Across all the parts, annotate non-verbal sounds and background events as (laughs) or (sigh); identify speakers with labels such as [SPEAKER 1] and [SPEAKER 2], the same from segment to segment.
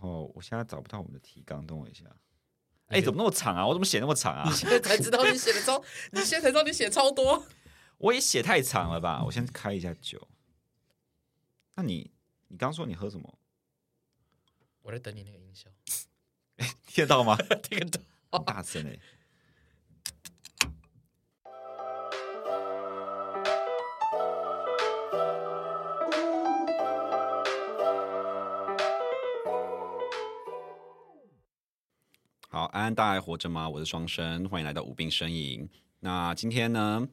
[SPEAKER 1] 哦，我現在找不到我們的提綱，等我一下。哎，怎麼那麼長啊？我怎麼寫那麼長啊？你現在才知道你寫
[SPEAKER 2] 的超， (laughs) 你現在才知道你寫超多。
[SPEAKER 1] 我也寫太長了吧？我先開一下酒。那你，你剛剛說你喝什麼？
[SPEAKER 2] 我在等你那個音效，
[SPEAKER 1] 誒聽得到嗎？聽得到，大聲哎。安，安，大家還活着嗎？我是雙生，歡迎來到無病呻吟。那今天呢，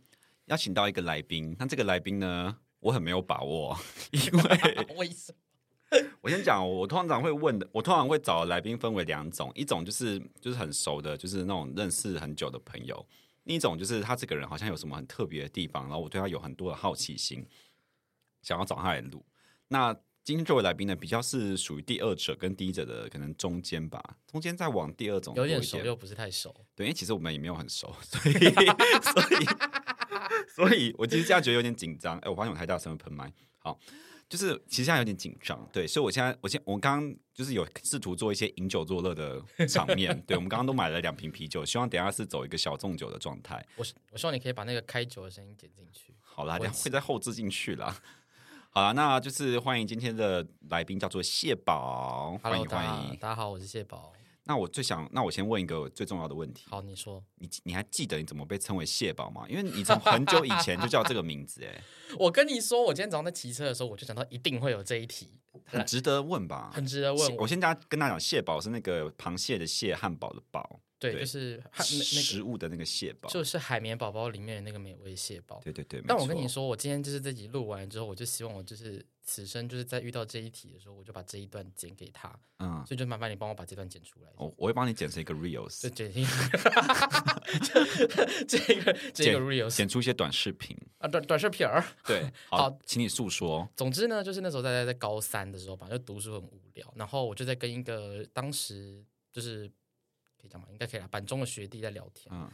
[SPEAKER 1] 邀請到一個來賓。那這個來賓呢，我很沒有把握，
[SPEAKER 2] 因為為什麼？
[SPEAKER 1] 我先講，我通常會問的，我通常會找來賓分為兩種，一種就是就是很熟的，就是那種認識很久的朋友；另一種就是他這個人好像有什麼很特別的地方，然後我對他有很多的好奇心，想要找他來錄。那今天作為來賓呢，比較是屬於第二者跟第一者的可能中間吧，中間再往第二種，有點熟又不是太熟，對，因為其實我們也沒有很熟，所以 (laughs) 所以所以我其實現在覺得有點緊張。哎、欸，我發現我太大聲了，噴麥，好，就是其實現在有點緊張，對，所以我現在我現在我剛剛就是有試圖做一些飲酒作樂的場面， (laughs) 對，我們剛剛都買了兩瓶啤酒，希望等下是走一個小眾酒的狀態。
[SPEAKER 2] 我我希望你可以把那個開酒的聲音剪進去。
[SPEAKER 1] 好啦，等下會再後製進去啦。啊，那就是歡迎今天的來賓叫做蟹堡，歡迎 Hello, 歡迎，
[SPEAKER 2] 大家好，我是蟹堡。
[SPEAKER 1] 那我最想，那我先問一個最重要的問題。好，你說，你你還記得你怎麼被稱為蟹堡嗎？因為你從很久以前就叫這個名字哎、欸。
[SPEAKER 2] (laughs) 我跟你說，我今天早上在騎車的時候，我就想到一定會有這一題，很值得問吧？很值得問我。我
[SPEAKER 1] 先跟大家講，蟹堡是那個螃蟹的蟹，漢堡的堡。
[SPEAKER 2] 對，就是食
[SPEAKER 1] 物的那個蟹堡，就
[SPEAKER 2] 是海綿寶寶裡面的那個美味蟹堡。對對對。但我跟你說，我今天就是自己錄完之後，我就希望我就是此生就是在遇到這一題的時候，我就把這一段剪給他。嗯，所以就麻煩你幫我把這段剪出
[SPEAKER 1] 來。我我會幫你剪成一個 reels，對剪
[SPEAKER 2] 這個這個 reels，
[SPEAKER 1] 剪出一些短視頻
[SPEAKER 2] 啊，短短視頻兒。對，
[SPEAKER 1] 好，請你訴說。
[SPEAKER 2] 總之呢，就是那時候大家在高三的時候吧，就讀書很無聊，然後我就在跟一個當時就是。講嘛，應該可以啦。板中的學弟在聊天，嗯、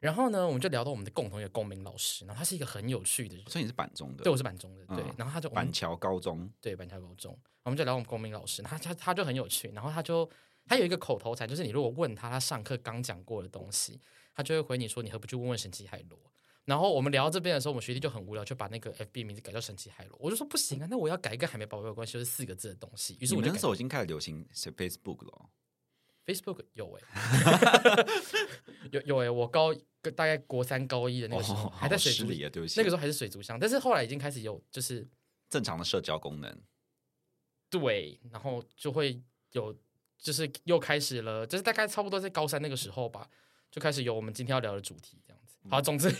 [SPEAKER 2] 然後呢，我們就聊到我們的共同的公民老師，然後他是一個很有趣的人。所以你是板中的？對，我是板中的，嗯、對。然後他就板橋高中，對，板橋高中。我們就聊到我們公民老師，然後他他他就很有趣，然後他就他有一個口頭禪，就是你如果問他他上課剛講過的東西，他就會回你說，你何不去問問神奇海螺？然後我們聊到這邊的時候，我們學弟就很無聊，就把那個 FB 名字改叫神奇海螺。我就說不行啊，那我要改一個海綿寶寶有關係、就是四個字的東西。於是我就那時候已
[SPEAKER 1] 經開始流行 Facebook 了。
[SPEAKER 2] Facebook 有哎、欸， (laughs) 有有哎、欸，我高大概國三高一的那個時候還在水族，那個時候還是水族箱，但是後來已經開始有就是正
[SPEAKER 1] 常的社交功能。
[SPEAKER 2] 對，然後就會有就是又開始了，就是大概差不多在高三那個時候吧，就開始有我們今天要聊的主題這樣子。
[SPEAKER 1] 好，總之，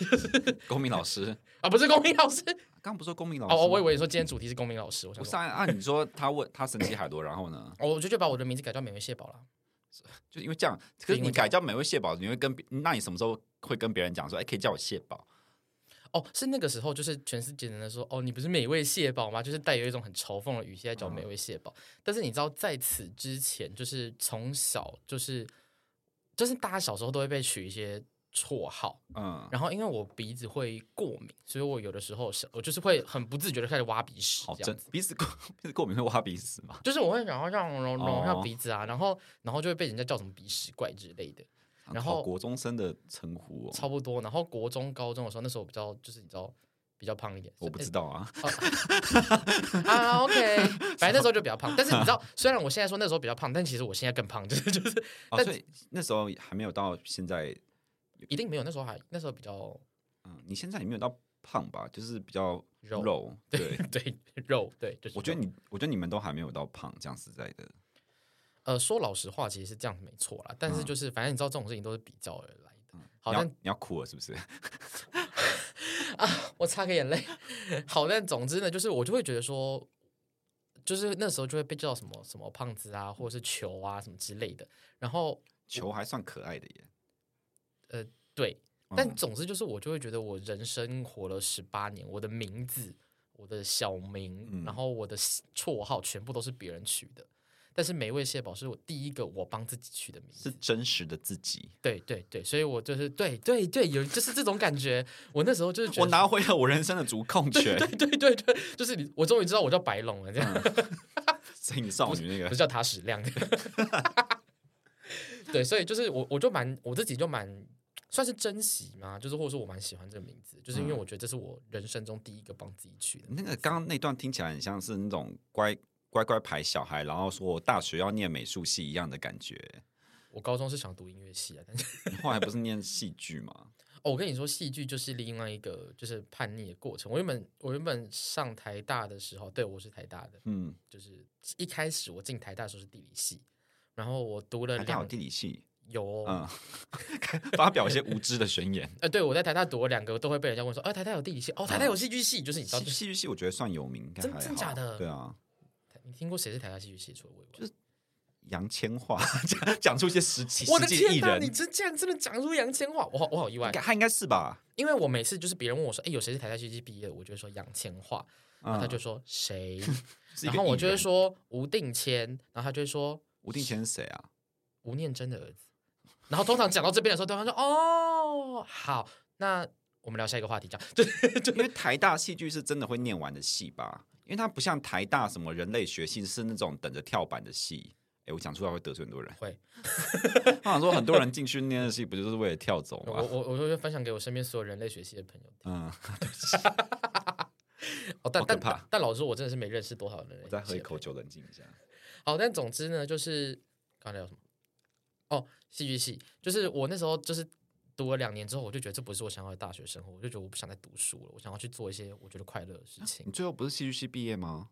[SPEAKER 1] 公民老師
[SPEAKER 2] 啊，不是公民老師，剛不是說公民老師哦，我以為你說今天主題是公民老師，我
[SPEAKER 1] 想。上，按你說他問他神奇海螺，然後呢？哦，
[SPEAKER 2] 我就就把我的名字改叫美味蟹堡啦。
[SPEAKER 1] 就因為這樣，可是你改叫美味蟹堡，因為你會跟別，那你什麼時候會跟別人講說，哎、欸，可以叫我蟹堡？
[SPEAKER 2] 哦，是那個時候，就是全世界人的說，哦，你不是美味蟹堡嗎？就是帶有一種很嘲諷的語氣在叫美味蟹堡。嗯、但是你知道，在此之前，就是從小，就是就是大家小時候都會被取一些。綽號，嗯，然後因為我鼻子會過敏，所以我有的時候，我就是會很不自覺的開始挖鼻屎，
[SPEAKER 1] 鼻子過鼻子過敏會挖鼻屎嘛？
[SPEAKER 2] 就是我會然後讓讓讓鼻子啊，然後然後就會被人家叫什麼鼻屎怪之類的。然後
[SPEAKER 1] 國中生的
[SPEAKER 2] 稱呼差不多，然後國中、高中的時候，那時候我比較就是你知道比較胖一點，我不知道啊。啊，OK，反正那時候就比較胖，但是你知道，雖然我現在說那時候比較胖，但其實我現在更胖，就是就是，但
[SPEAKER 1] 是那時候還沒有到現在。
[SPEAKER 2] 一定沒有，那時候還那時候比較，
[SPEAKER 1] 嗯，你現在也沒有到胖吧？就是比較肉， (music) 對對，肉 (laughs) 對。肉，對就是，我覺得你，我覺得你們都還沒有到胖，這樣實在的。
[SPEAKER 2] 呃，說老實話，其實是這樣子沒錯啦，但是就是，反正你知道，這種事情都是比較而來的。嗯、好，像
[SPEAKER 1] 你，要但你要哭了是不是？
[SPEAKER 2] (laughs) 啊，我擦個眼淚。好，但總之呢，就是我就會覺得說，就是那時候就會被叫什麼什麼胖子啊，或者是球啊什麼之類的。然後球還算可愛的耶。對，但總之就是我就會覺得我人生活了十八年，我的名字、我的小名，嗯、然後我的綽號全部都是別人取的，但是美味蟹堡是我第一個我幫自己取的名字，是真實的自己。對對對，所以我就是對對對，有就是這種感覺。 (laughs) 我那時候就是覺得我拿回了我人生的主控權。對對對對，對，就是你我終於知道我叫白龍了。嗯、這樣，聲音少女那個不，是不是叫塔史亮？ (laughs) 對，所以就是我，我就蠻我自己就蠻。算是珍惜嗎？就是，或者說我蠻喜歡這個名字，就是因為我覺得這是我人生中第一個幫自己取的，
[SPEAKER 1] 嗯。那個剛剛那段聽起來很像是那種乖乖乖牌小孩，然後說我大學要念美術系一樣的感覺。
[SPEAKER 2] 我高中是想讀音樂系啊，但
[SPEAKER 1] 是後來不是念戲劇嗎？
[SPEAKER 2] (laughs) 哦，我跟你說，戲劇就是另外一個就是叛逆的過程。我原本我原本上台大的時候，對我是台大的，嗯，就是一開始我進台大的時候是地理系，
[SPEAKER 1] 然後我讀了兩地理系。有，嗯，發表一些無知的宣言。
[SPEAKER 2] 呃，對，我在台大讀了兩個都會被人家問說，哎，台大有地理系，哦，台大有戲劇系，就是你知道，戲
[SPEAKER 1] 劇系我覺得算有名，真的假的？對
[SPEAKER 2] 啊，你聽過誰是台大戲劇系出的？就是
[SPEAKER 1] 楊千嬅講講出一些實際，我的天吶，你這
[SPEAKER 2] 這樣真的講出楊千嬅，我好我好意外，他應該是吧？因為我每次就是別人問我說，哎，有誰是台大戲劇系畢業？我就說楊千嬅，然後他就說誰？然後我就會說吳定謙，然後他就會說吳定謙是誰啊？吳念真的兒子。然後通常講到這邊的時候，對方說：“哦，
[SPEAKER 1] 好，那我們聊下一個話題講，講就， (laughs) 就因為台大戲劇是真的會念完的戲吧？因為它不像台大什麼人類學系是那種等着跳板的戲。哎，我講出來會得罪很多人，會。他 (laughs) 想、啊、說，很多人進去念的戲，不就是為了跳走嗎？
[SPEAKER 2] 我我我就分享給我身邊所有人類學系的朋友聽。嗯，哈 (laughs) 但但但老實說，我真的是沒認識多少人的。我再喝一口酒，冷靜一下。好，但總之呢，就是剛才有什麼？哦，戲劇系就是我那時候就是讀了兩年之後，我就覺得這不是我想要的大學生活，我就覺得我不想再讀書了，我想要去做一些我覺得快樂的事
[SPEAKER 1] 情、啊。你最後不是戲劇系畢業嗎？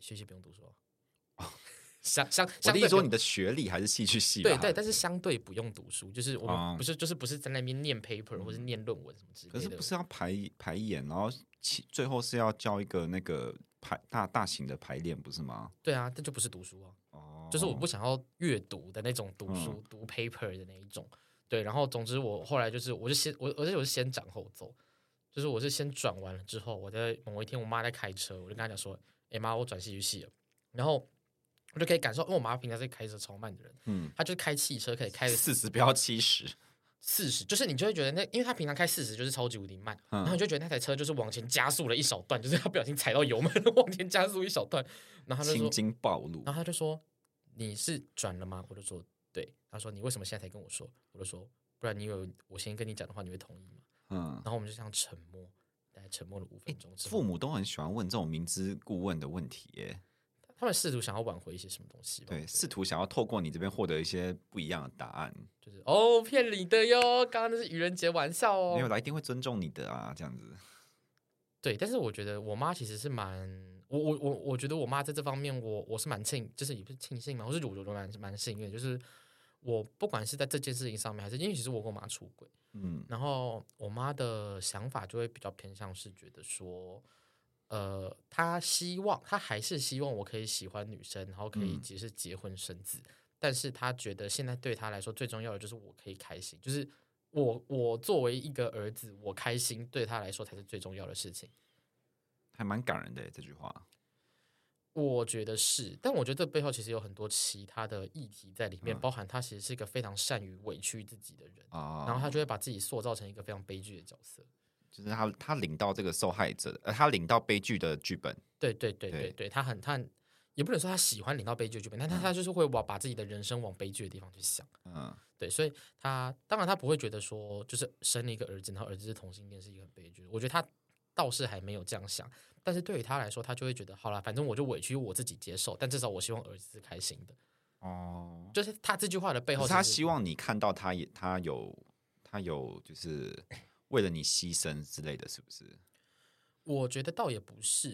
[SPEAKER 2] 戲劇系不用讀書、啊，相相、哦，我可以說你
[SPEAKER 1] 的學歷還是戲劇系，對，對對，
[SPEAKER 2] 但是相對不用讀書，就是我們不是、啊、就是不是在那邊念 paper 或是念論文什麼之類的。可是不是要
[SPEAKER 1] 排排演，然後最後是要交一個那個排大大型的排練，不是嗎？
[SPEAKER 2] 對啊，但就不是讀書啊。就是我不想要閱讀的那種讀書、嗯、讀 paper 的那一種，對，然後總之我後來就是我就先我而且我是先斬後奏，就是我是先轉完了之後，我在某一天我媽在開車，我就跟她講說：“哎、欸、媽，我轉戲劇系了。”然後我就可以感受，因為我媽平常是開車超慢的人，嗯、她就是開汽車可以開四,四十，不要七十，四十，就是你就會覺得那，因為她平常開四十就是超級無敵慢，嗯、然後你就覺得那台車就是往前加速了一小段，就是她不小心踩到油門往前加速一小段，然後青筋暴露，然後她就說。你是轉了嗎？我就說對。他說你為什麼現在才跟我說？我就說不然你以為我先跟你講的話，你會同意嗎？
[SPEAKER 1] 嗯。然後
[SPEAKER 2] 我們就這樣沉默，大家沉默了五分鐘之後。欸。父母
[SPEAKER 1] 都很喜歡問這種明知故問的問題，耶。
[SPEAKER 2] 他們試圖想要挽回一些什麼東西吧，
[SPEAKER 1] 對，試對圖想要透過你這邊獲得一些不一樣的答案。
[SPEAKER 2] 就是哦，騙你的喲，剛剛那是愚人節玩笑哦。沒有啦，一定會尊重你的啊，這樣子。對，但是我覺得我媽其實是蠻。我我我我覺得我媽在這方面我，我我是蠻慶，就是也不是慶幸嘛，我是我覺得蠻蠻幸運，就是我不管是在這件事情上面，還是因為其實我跟我媽出軌，嗯，然後我媽的想法就會比較偏向是覺得說，呃，她希望她還是希望我可以喜歡女生，然後可以及時結婚生子，嗯，但是她覺得現在對她來說最重要的就是我可以開心，就是我我作為一個兒子，我開心對她來說才是最重要的事情。
[SPEAKER 1] 還蠻感人的這句話，
[SPEAKER 2] 我覺得是，但我覺得這背後其實有很多其他的議題在裡面，嗯、包含他其實是一個非常善於委屈自己的人，哦，然後他就會把自己塑造成一個非常悲劇的角色，
[SPEAKER 1] 就是他他領到這個受害者，他領到悲劇的劇本，
[SPEAKER 2] 對對對對對。對他很他也不能說他喜歡領到悲劇劇本，嗯、但他他就是會往把自己的人生往悲劇的地方去想，嗯，對，所以他當然他不會覺得說就是生了一個兒子，然後兒子是同性戀是一個很悲劇，我覺得他。倒是還沒有這樣想，但是對於他來說，他就會覺得好了，反正我就委屈我自己接受，但至少我希望兒子是開心的。哦，就是他這句話的背後、就是，他希
[SPEAKER 1] 望你看到他也他有他有，他有就是為了你犧牲之類的是不是？
[SPEAKER 2] 我覺得倒也不是，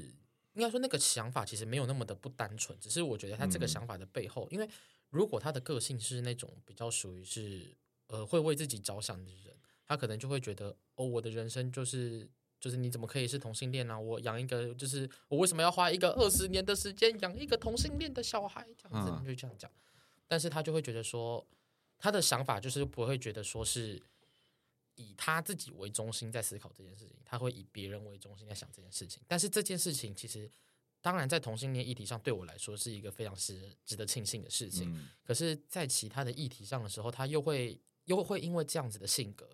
[SPEAKER 2] 應該說那個想法其實沒有那麼的不單純，只是我覺得他這個想法的背後，嗯、因為如果他的個性是那種比較屬於是呃會為自己着想的人，他可能就會覺得哦，我的人生就是。就是你怎麼可以是同性戀呢、啊？我養一個，就是我為什麼要花一個二十年的時間養一個同性戀的小孩？這樣子就這樣講，啊啊但是他就會覺得說，他的想法就是不會覺得說是以他自己為中心在思考這件事情，他會以別人為中心在想這件事情。但是這件事情其實，當然在同性戀議題上對我來說是一個非常是值得慶幸的事情，嗯、可是，在其他的議題上的時候，他又會又會因為這樣子的性格，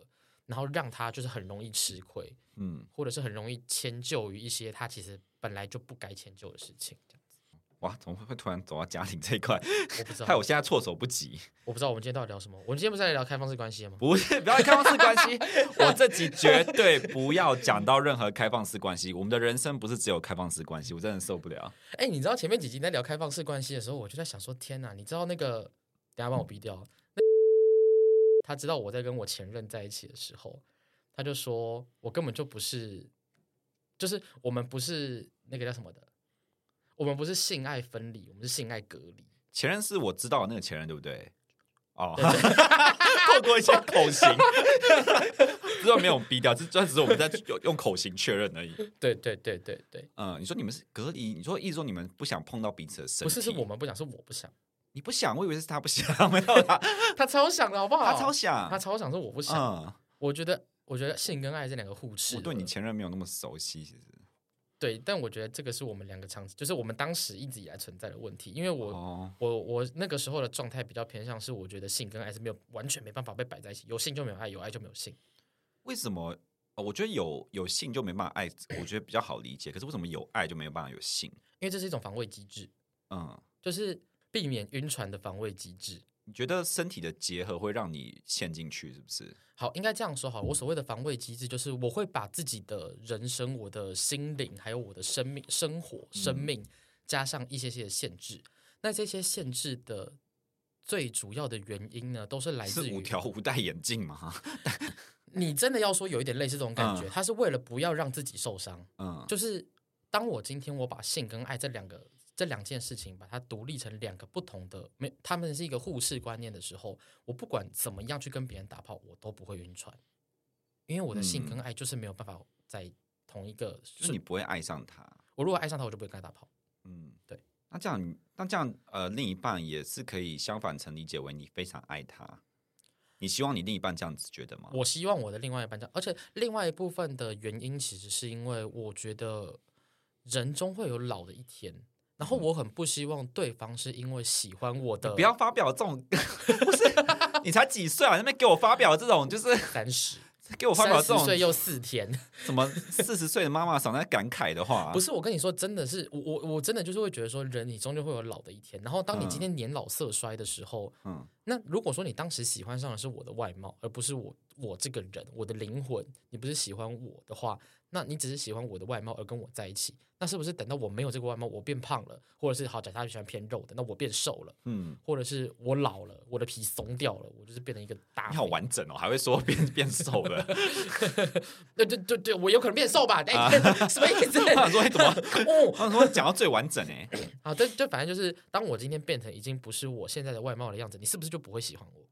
[SPEAKER 2] 然後讓他就是很容易吃虧，嗯，或者是很容易遷就於一些他其實本來就不該遷就的事情，這樣子。哇，怎麼會突然走到家庭這一塊？我不知道，害我現在措手不及。我不知道我們今天到底聊什麼？我們今天不是在聊開放式關係嗎？不是，不要開放式關係， (laughs) 我這集絕對不
[SPEAKER 1] 要講到任何開放式關係。 (laughs) 我們的人生不是只有開放式關係，我真的受不了。
[SPEAKER 2] 哎、欸，你知道前面幾集在聊開放式關係的時候，我就在想說，天哪，你知道那個，等下幫我逼掉。嗯他知道我在跟我前任在一起的時候，他就說我根本就不是，就是我們不是那個叫什麼的，我們不是性愛分離，我們是性愛隔離。
[SPEAKER 1] 前任是我知道的那個前任，對不對？哦、oh， (laughs) 透過一些口型，這 (laughs) 沒有逼掉，這 (laughs) 只是我們在用用口型確認而已。對對對對對，嗯，你說你們是隔離，你說意思說你們不想碰到彼此的身體，不是，是我們不想，是我不想。你不想，我以為是他不
[SPEAKER 2] 想，沒有他， (laughs) 他超想的好不好？他超想，他超想，他超想，是我不想。嗯、我覺得，我覺得性跟愛這兩個互斥。我對你前任沒有那麼熟悉，其實對，但我覺得這個是我們兩個長期，就是我們當時一直以來存在的問題。因為我，哦、我，我那個時候的狀態比較偏向是，我覺得性跟愛是沒有完全沒辦法被擺在一起，有性就沒有愛，有愛就沒有性。
[SPEAKER 1] 為什麼？我覺得有有性就沒辦法愛，我覺得比較好理解。 (coughs) 可是為什麼有愛就沒有辦法有性？因為這是一種防衛機制。嗯，就是。避免暈船的防衛機制，你覺得身體的結合會讓你陷進去，是不是？
[SPEAKER 2] 好，應該這樣說哈，我所謂的防衛機制，就是我會把自己的人生、我的心靈、還有我的生命、生活、生命，加上一些些的限制。嗯、那這些限制的最主要的原因呢，都是來自於五條悟戴
[SPEAKER 1] 眼鏡嘛。
[SPEAKER 2] (laughs) (laughs) 你真的要說有一點類似這種感覺，嗯、它是為了不要讓自己受傷。嗯，就是當我今天我把性跟愛這兩個。這兩件事情把它獨立成兩個不同的，沒，他們是一個互斥觀念的時候，我不管怎麼樣去跟別人打炮，我都不會暈船，因為我的性跟愛就是沒有辦法在同一個，嗯、就是你
[SPEAKER 1] 不會愛上他。
[SPEAKER 2] 我如果愛上他，我就不會跟他打炮。嗯，
[SPEAKER 1] 對。那這樣，那這樣，呃，另一半也是可以相反成理解為你非常愛他，你希望你另一半這樣子覺得嗎？
[SPEAKER 2] 我希望我的另外一半這樣，而且另外一部分的原因，其實是因為我覺得人終會有老的一天。然後我很不希望對方是因為喜歡我的，你不要發表這種， (laughs) 不是你才幾歲啊？你那邊給我發表這種就是三十，我給我發表這種十歲又
[SPEAKER 1] 四天，什 (laughs) 麼四十歲的媽媽少在感慨的話，啊？不是我
[SPEAKER 2] 跟你說，真的是我我真的就是會覺得說，人你終究會有老的一天。然後當你今天年老色衰的時候，嗯，那如果說你當時喜歡上的是我的外貌，而不是我我這個人，我的靈魂，你不是喜歡我的話，那你只是喜歡我的外貌而跟我在一起，那是不是等到我沒有這個外貌，我變胖了，或者是假設他就喜歡偏肉的，那我變瘦了，嗯，或者是我老了，我的皮鬆掉了，我就是變成一個大，你好完整哦，還會說變變瘦的，對對對對，我有可能變瘦吧？哎， (laughs) (laughs) 什麼意思？ (laughs) 我想說、欸、怎麼，哦，他說講到最完整哎、欸， (laughs) 好，對對，反正就是當我今天變成已經不是我現在的外貌的樣子，你是不是就不會喜歡我？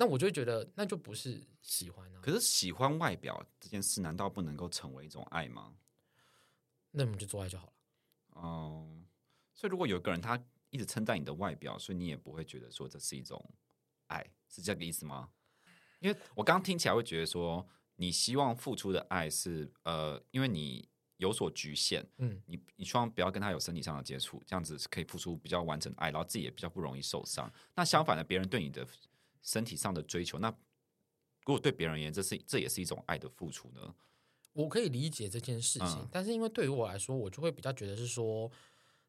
[SPEAKER 2] 那我就會覺得，那就不是喜歡呢、啊。可是
[SPEAKER 1] 喜歡外表這件事，難道不能夠成為一種愛嗎？
[SPEAKER 2] 那我們就做愛就好了。嗯，
[SPEAKER 1] 所以如果有一個人他一直稱讚你的外表，所以你也不會覺得說這是一種愛，是這個意思嗎？因為我剛剛聽起來會覺得說，你希望付出的愛是呃，因為你有所局限。嗯，你你希望不要跟他有身體上的接觸，這樣子可以付出比較完整的愛，然後自己也比較不容易受傷。那相反的，別人對你的。身體上的追求，那如果對別人而言，這是這也是一種愛的付出呢？
[SPEAKER 2] 我可以理解這件事情，嗯、但是因為對於我來說，我就會比較覺得是說，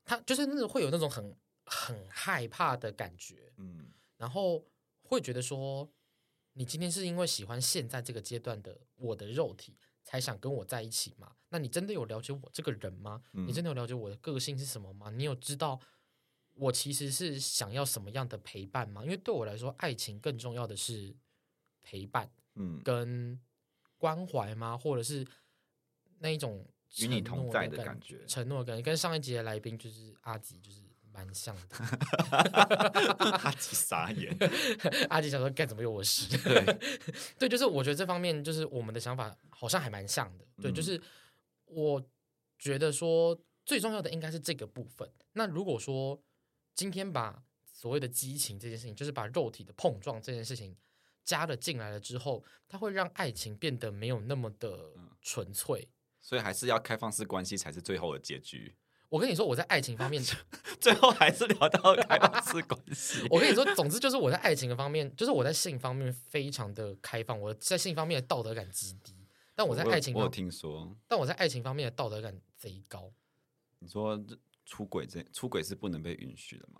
[SPEAKER 2] 他就是那種會有那種很很害怕的感覺，嗯，然後會覺得說，你今天是因為喜歡現在這個階段的我的肉體，才想跟我在一起嗎？那你真的有了解我這個人嗎？嗯、你真的有了解我的個性是什麼嗎？你有知道？我其實是想要什麼樣的陪伴嗎？因為對我來說，愛情更重要的是陪伴，嗯、跟關懷嗎？或者是那一種承與你同在的感覺？承諾，感覺跟上一集的來賓就是阿吉，就是蠻像的。 (laughs) (laughs) 阿吉傻眼， (laughs) 阿吉想說該怎麼有我事？對， (laughs) 對，就是我覺得這方面就是我們的想法好像還蠻像的。對，就是我覺得說最重要的應該是這個部分。那如果說。今天把所謂的激情這件事情，就是把肉體的碰撞這件事情加了進來了之後，它會讓愛情變得沒有那麼的純粹。嗯。
[SPEAKER 1] 所以還是要開放式關係才是最後的結局。
[SPEAKER 2] 我跟你說，我在愛情方面， (laughs) 最後還是聊到開放式關係。 (laughs) 我跟你說，總之就是我在愛情的方面，就是我在性方面非常的開放，我在性方面的道德感極低。但我在愛情方我有，我有聽說。但我在愛情方面的道德感賊高。你說
[SPEAKER 1] 這出軌這出軌是不能被允許的嗎？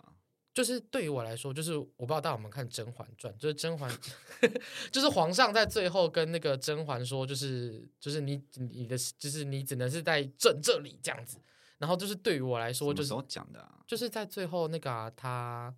[SPEAKER 2] 就是對於我來說，就是我不知道，當我們看《甄嬛傳》，就是甄嬛， (laughs) 就是皇上在最後跟那個甄嬛說，就是就是你你的就是你只能是在朕這，這裡這樣子。然後就是對於我來說，就是怎麼講的、啊，就是在最後那個、啊、他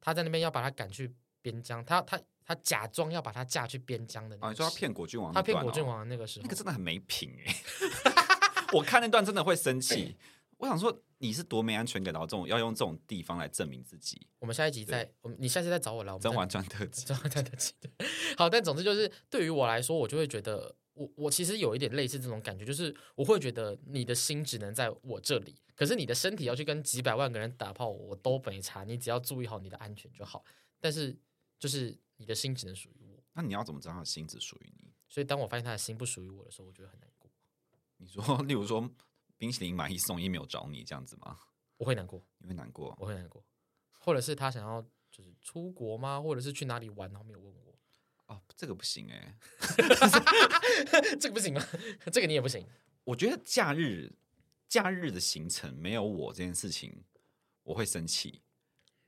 [SPEAKER 2] 他在那邊要把他趕去邊疆，他他他假裝要把他嫁去邊疆的那個、啊，你說他騙果郡王、哦，他騙果郡王的那個時候，那個真的
[SPEAKER 1] 很沒品哎， (laughs) (laughs) 我看那段真的會生氣。欸我想說，你是多沒安全感，然後這種要用這種地方來證明自己。
[SPEAKER 2] 我們下一集再，對我們你下次再找我來《甄嬛傳》
[SPEAKER 1] 特輯，特《甄嬛傳》特輯。對，
[SPEAKER 2] 好，但總之就是，對於我來說，我就會覺得，我我其實有一點類似這種感覺，就是我會覺得你的心只能在我這裡，可是你的身體要去跟幾百萬個人打炮，我都沒差，你只要注意好你的安全就好。但是就是你的心只能屬於我，那你要怎麼知道他的心只屬於你？所以當我發現他的心不屬於我的時候，我覺得很難過。
[SPEAKER 1] 你說，例如說。冰淇淋買一送一沒有找你這樣子嗎？我會難過，你會難過，我會難
[SPEAKER 2] 過。或者是他想要就是出國嗎？或者是去哪裡玩然後沒有問我，哦，這個不行哎、欸， (laughs) (laughs) 這個不行嗎？這個你也不行。我覺得假日假日的
[SPEAKER 1] 行程沒有我這件事情，我會生氣，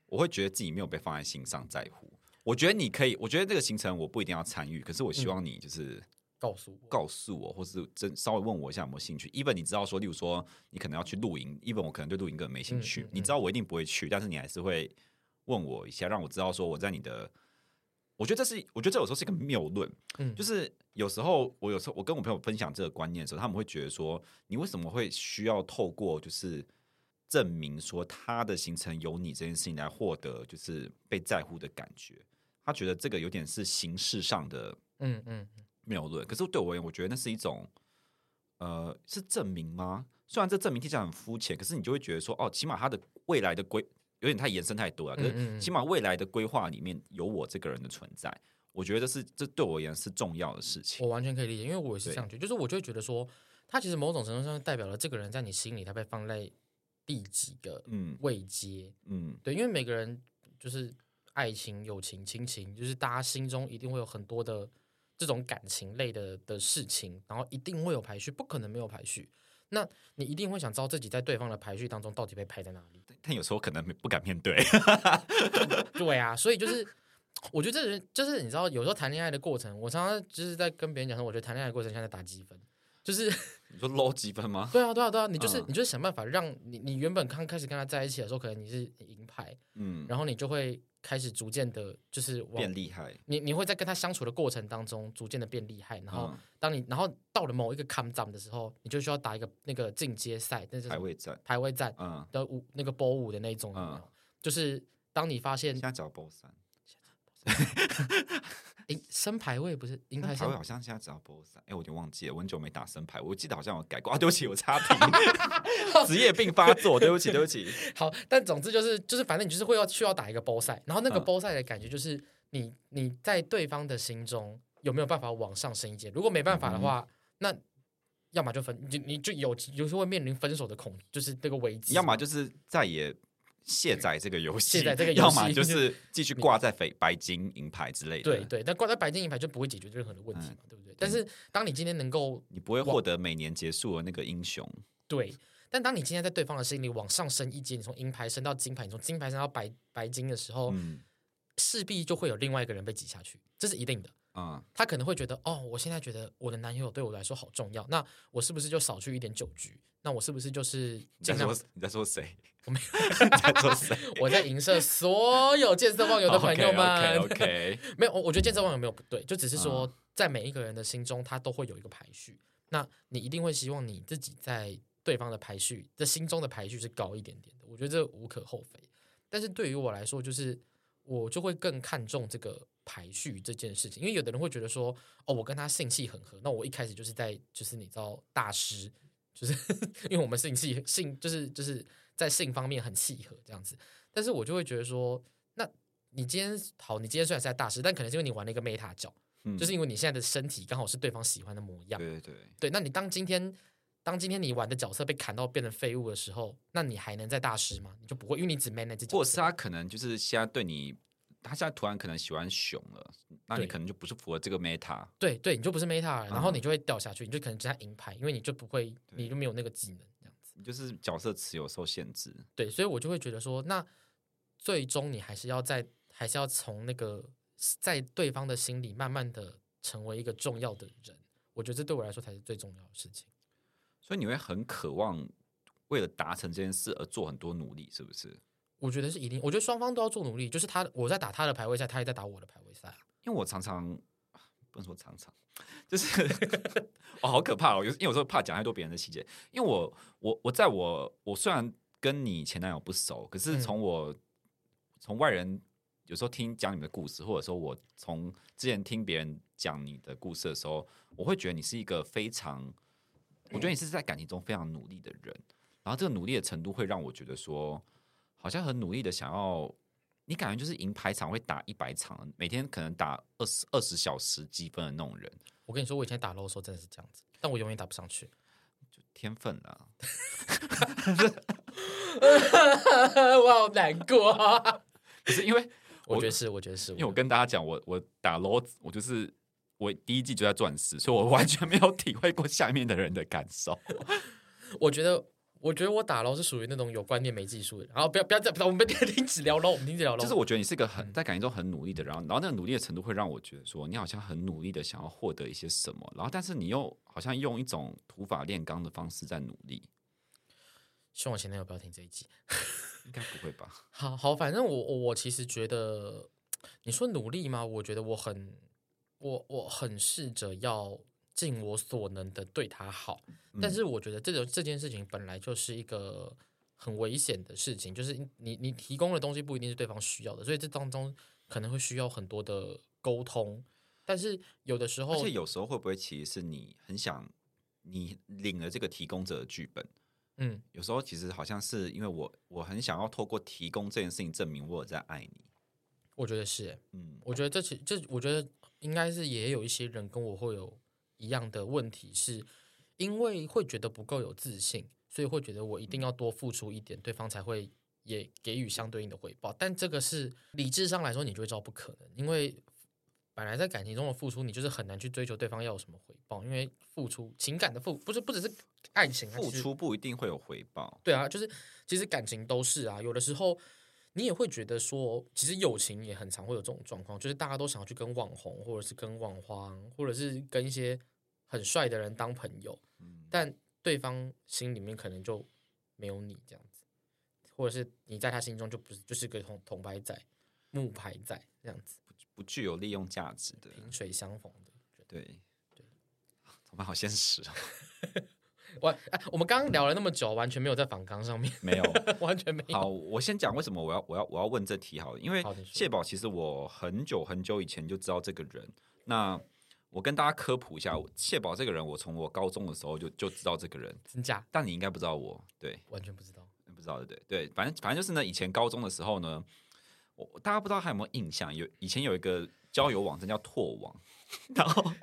[SPEAKER 1] 我會覺得自己沒有被放在心上在乎。我覺得你可以，我覺得這個行程我不一定要參與，可是我希望你就是。嗯告訴告訴我，或是真稍微問我一下有沒有興趣。Even 你知道說，例如說你可能要去露營，Even 我可能對露營個人沒興趣。嗯嗯嗯。你知道我一定不會去，但是你還是會問我一下，讓我知道說我在你的。我覺得這是，我覺得這有時候是一個謬論。嗯，就是有時候我有時候我跟我朋友分享這個觀念的時候，他們會覺得說，你為什麼會需要透過就是證明說他的行程有你這件事情來獲得就是被在乎的感覺？他覺得這個有點是形式上的。
[SPEAKER 2] 嗯嗯。
[SPEAKER 1] 謬論，可是對我而言，我覺得那是一種，呃，是證明嗎？雖然這證明聽起來很膚淺，可是你就會覺得說，哦，起碼他的未來的規有點太延伸太多了，可是起碼未來的規劃裡面有我這個人的存在，嗯、我覺得是這對我而言是重要的事情。我
[SPEAKER 2] 完全可以理解，因為我也是這樣覺得，對就是我就會覺得說，他其實某種程度上代表了這個人在你心裡他被放在第幾個嗯位階嗯，嗯對，因為每個人就是愛情、友情、親情，就是大家心中一定會有很多的。這種感情類的的事情，然後一定會有排序，不可能沒有排序。那你一定會想知道自己在對方的排序當中到底被排在哪裡。
[SPEAKER 1] 但有時候可能不敢面對。
[SPEAKER 2] (laughs) 對啊，所以就是我覺得這人就是你知道，有時候談戀愛的過程，我常常就是在跟別人講，說我覺得談戀愛的過程像在，在打積分，就是
[SPEAKER 1] 你說撈積分嗎？ (laughs) 對啊，
[SPEAKER 2] 對啊，對啊，你就是、嗯、你就是想辦法讓你你原本剛開始跟他在一起的時候，可能你是銀牌，嗯，然後你就會。開始逐漸的，就是往變厲害。你你會在跟他相處的過程當中，逐漸的變厲害。然後，當你、嗯、然後到了某一個坎站的時候，你就需要打一個那個進階賽，那是排位戰，排位戰的舞，嗯，的五那個 BO 五的那種有有，嗯，就是當你發現現在叫 BO 三。 (laughs) 哎，升排位不是，升排位好像
[SPEAKER 1] 現在只要 BOSS 賽。哎，我有點忘記了，我很久沒打升排，我記得好像有改過。啊，對不起，我差評，
[SPEAKER 2] (laughs) (laughs) 職業病發作，對不起，對不起。好，但總之就是，就是反正你就是會要需要打一個 BOSS 賽，然後那個 BOSS 賽的感覺就是你，你、嗯、你在對方的心中有沒有辦法往上升一階？如果沒辦法的話，嗯、那要麼就分，你就，你就有有時候會面臨分手的恐，就是那個危機。
[SPEAKER 1] 要麼就是在野。卸載這個遊戲，遊戲要麼就是繼續掛在北白金銀牌之類的。對
[SPEAKER 2] 對，但掛在白金銀牌就不會解決任何的問題嘛，嗯、對不對？但是當你今天能夠，
[SPEAKER 1] 你不會獲得每年結束的那個英雄。
[SPEAKER 2] 對，但當你今天在，在對方的心裡往上升一級，你從銀牌升到金牌，你從金牌升到白白金的時候，嗯、勢必就會有另外一個人被擠下去，這是一定的。啊，嗯、他可能會覺得，哦，我現在覺得我的男友對我來說好重要，那我是不是就少去一點酒局？那我是不是就是？你在你
[SPEAKER 1] 在說誰？我沒在說 (laughs) 我在影射所有見色忘友的朋友們。OK，, okay, okay. (laughs) 沒有，我覺得見色忘友沒有不對，就只是說
[SPEAKER 2] 在每一個人的心中，他都會有一個排序。嗯、那你一定會希望你自己在對方的排序的心中的排序是高一點點的。我覺得這無可厚非，但是對於我來說，就是我就會更看重這個。排序這件事情，因為有的人會覺得說，哦，我跟他性氣很合，那我一開始就是在就是你知道大師，就是因為我們性氣性就是就是在性方面很契合這樣子，但是我就會覺得說，那你今天好，你今天雖然是在大師，但可能是因為你玩了一個 meta 角，嗯，就是因為你現在的身體剛好是對方喜歡的模樣，對對對，對，那你當今天當今天你玩的角色被砍到變成廢物的時候，那你還能在大師嗎？你就不會，因為你只 manage 自
[SPEAKER 1] 己，或是他可能就是現在對你。他現在突然可能喜歡熊了，那你可能就不是符合這個 meta，
[SPEAKER 2] 對對，你就不是 meta，然後你就會掉下去，啊、你就可能只拿銀牌，因為你就不會，你就沒有那個技能，對這
[SPEAKER 1] 樣子。你就是角色持有受限制。
[SPEAKER 2] 對，所以我就會覺得說，那最終你還是要在，還是要從那個在對方的心裡慢慢的成為一個重要的人。我覺得這對我來說才是最重要的事情。
[SPEAKER 1] 所以你會很渴望為了達成這件事而做很多努力，是不是？
[SPEAKER 2] 我覺得是一定，我覺得雙方都要做努力。就是他，我在打他的排位賽，他也在打我的排位賽。
[SPEAKER 1] 因為我常常不能說常常，就是我、 (laughs) 哦、好可怕哦！有因為有時候怕講太多別人的細節。因為我，我，我在我，我雖然跟你前男友不熟，可是從我從、嗯、外人有時候聽講你的故事，或者說我從之前聽別人講你的故事的時候，我會覺得你是一個非常，我覺得你是在感情中非常努力的人。嗯、然後這個努力的程度會讓我覺得說。好像很努力的想要，你感覺就是贏，排場會打一百場，每天可能打二十二十小時積分的那種人。我跟你說，我以前打
[SPEAKER 2] LOL 真的是這樣子，但我永遠打不上去，就天分啊！我好難過。可是因為我，我覺
[SPEAKER 1] 得是，我覺得是，因為我跟大家講，我我打 LOL，我就是我第一季就在鑽石，所以我
[SPEAKER 2] 完全沒有體會過下面的人的感受。 (laughs) 我覺得。我覺得我打嘍是屬於那種有觀念沒技術的，然後不要再不要在，我們不要停止聊嘍，停止聊嘍。其實我覺得你是一個很在感
[SPEAKER 1] 情中很努力的，然後然後那個努力的程度會讓我覺得說你好像很努力的想要獲得一些什麼，然後但是你又好像用一種土法煉鋼的方式在努力。
[SPEAKER 2] 希望我前男友不要聽這一集，應該不會吧？好好，反正我我我其實覺得你說努力嗎？我覺得我很我我很試着要。盡我所能的對他好，嗯、但是我覺得這個這件事情本來就是一個很危險的事情，就是你你提供的東西不一定是對方需要的，所以這當中可能會需要很多的溝通。但是有的時候，而且
[SPEAKER 1] 有時候會不會其實是你很想你領了這個提供者的劇本？嗯，有時候其實好像是因為我我很想要透過提供這件事情證明我有在愛你。
[SPEAKER 2] 我覺得是，嗯，我覺得這其這我覺得應該是也有一些人跟我會有。一樣的問題是，因為會覺得不夠有自信，所以會覺得我一定要多付出一點，對方才會也給予相對應的回報。但這個是理智上來說，你就會知道不可能，因為本來在感情中的付出，你就是很難去追求對方要有什麼回報，因為付出情感的付不是不只是愛情，付出不一定會有回報。對啊，就是其實感情都是啊，有的時候。你也會覺得說，其實友情也很常會有這種狀況，就是大家都想要去跟網紅，或者是跟網花，或者是跟一些很帥的人當朋友，但對方心裡面可能就沒有你這樣子，或者是你在他心中就不是，就是個銅銅牌仔、木牌仔這樣子
[SPEAKER 1] 不，不具有利用價值的，萍水相逢的，對對，
[SPEAKER 2] 銅牌對對好現實啊。 (laughs) 我，哎，我們剛剛聊了那麼久，完全沒有在訪綱上面，沒有， (laughs) 完全沒有。好，
[SPEAKER 1] 我先講為什麼我要我要我要問這題好了，因為蟹堡其實我很久很久以前就知道這個人。那我跟大家科普一下，蟹堡這個人，我從我高中的時候就就知道這個人，真假？但你應該不知道我，我對，
[SPEAKER 2] 完全不知道，
[SPEAKER 1] 不知道對對？對，反正反正就是呢，以前高中的時候呢，我大家不知道還有沒有印象？有以前有一個交友網站叫拓網，
[SPEAKER 2] 然後。 (laughs)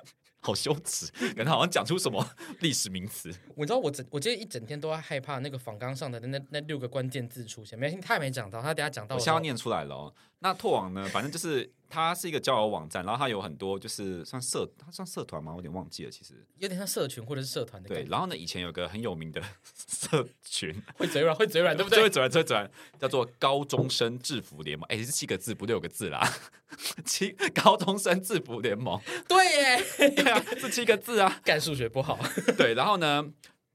[SPEAKER 1] 好羞恥，感覺他好像講出什麼歷史名詞。
[SPEAKER 2] (laughs) 我知道，我整，我今天一整天都在害怕那個訪綱上的那那六個關鍵字出現，沒，他也沒講到，他等下講到我先要念
[SPEAKER 1] 出來了哦。 (laughs) 那拓網呢？反正就是。它是一個交友網站，然後它有很多就是算社，它算社團嗎？我有點忘記了，其實有點像社群或者是社團的。對，然後呢，以前有個很有名的社群，會嘴軟，會嘴軟，對不對？就會嘴軟，就會嘴軟，叫做高中生制服聯盟。哎，這七個字不對，六個字啦。七高中生制服聯盟，對耶，對啊，是七個字啊。幹數學不好，對。然後呢，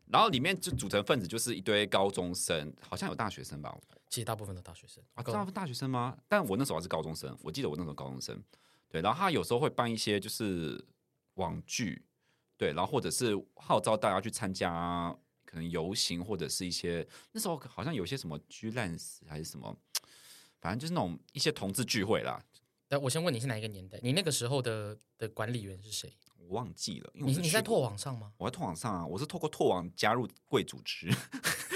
[SPEAKER 1] 然後裡面就組成分子就是一堆高中生，好像有大學生吧。其實大部分的大學生啊，大部分大學生嗎？但我那時候還是高中生，我記得我那時候高中生。對，然後他有時候會辦一些就是網劇，對，然後或者是號召大家去參加可能遊行，或者是一些那時候好像有一些什麼 G LANCE 還是什麼，反正就是那種一些同志聚會啦。
[SPEAKER 2] 但我先問你是哪一個年代？
[SPEAKER 1] 你那個時候的的
[SPEAKER 2] 管理員是誰？我
[SPEAKER 1] 忘記了，因為是你你在拓網上嗎？我在拓網上啊，我是透過拓網加入貴組織。 (laughs)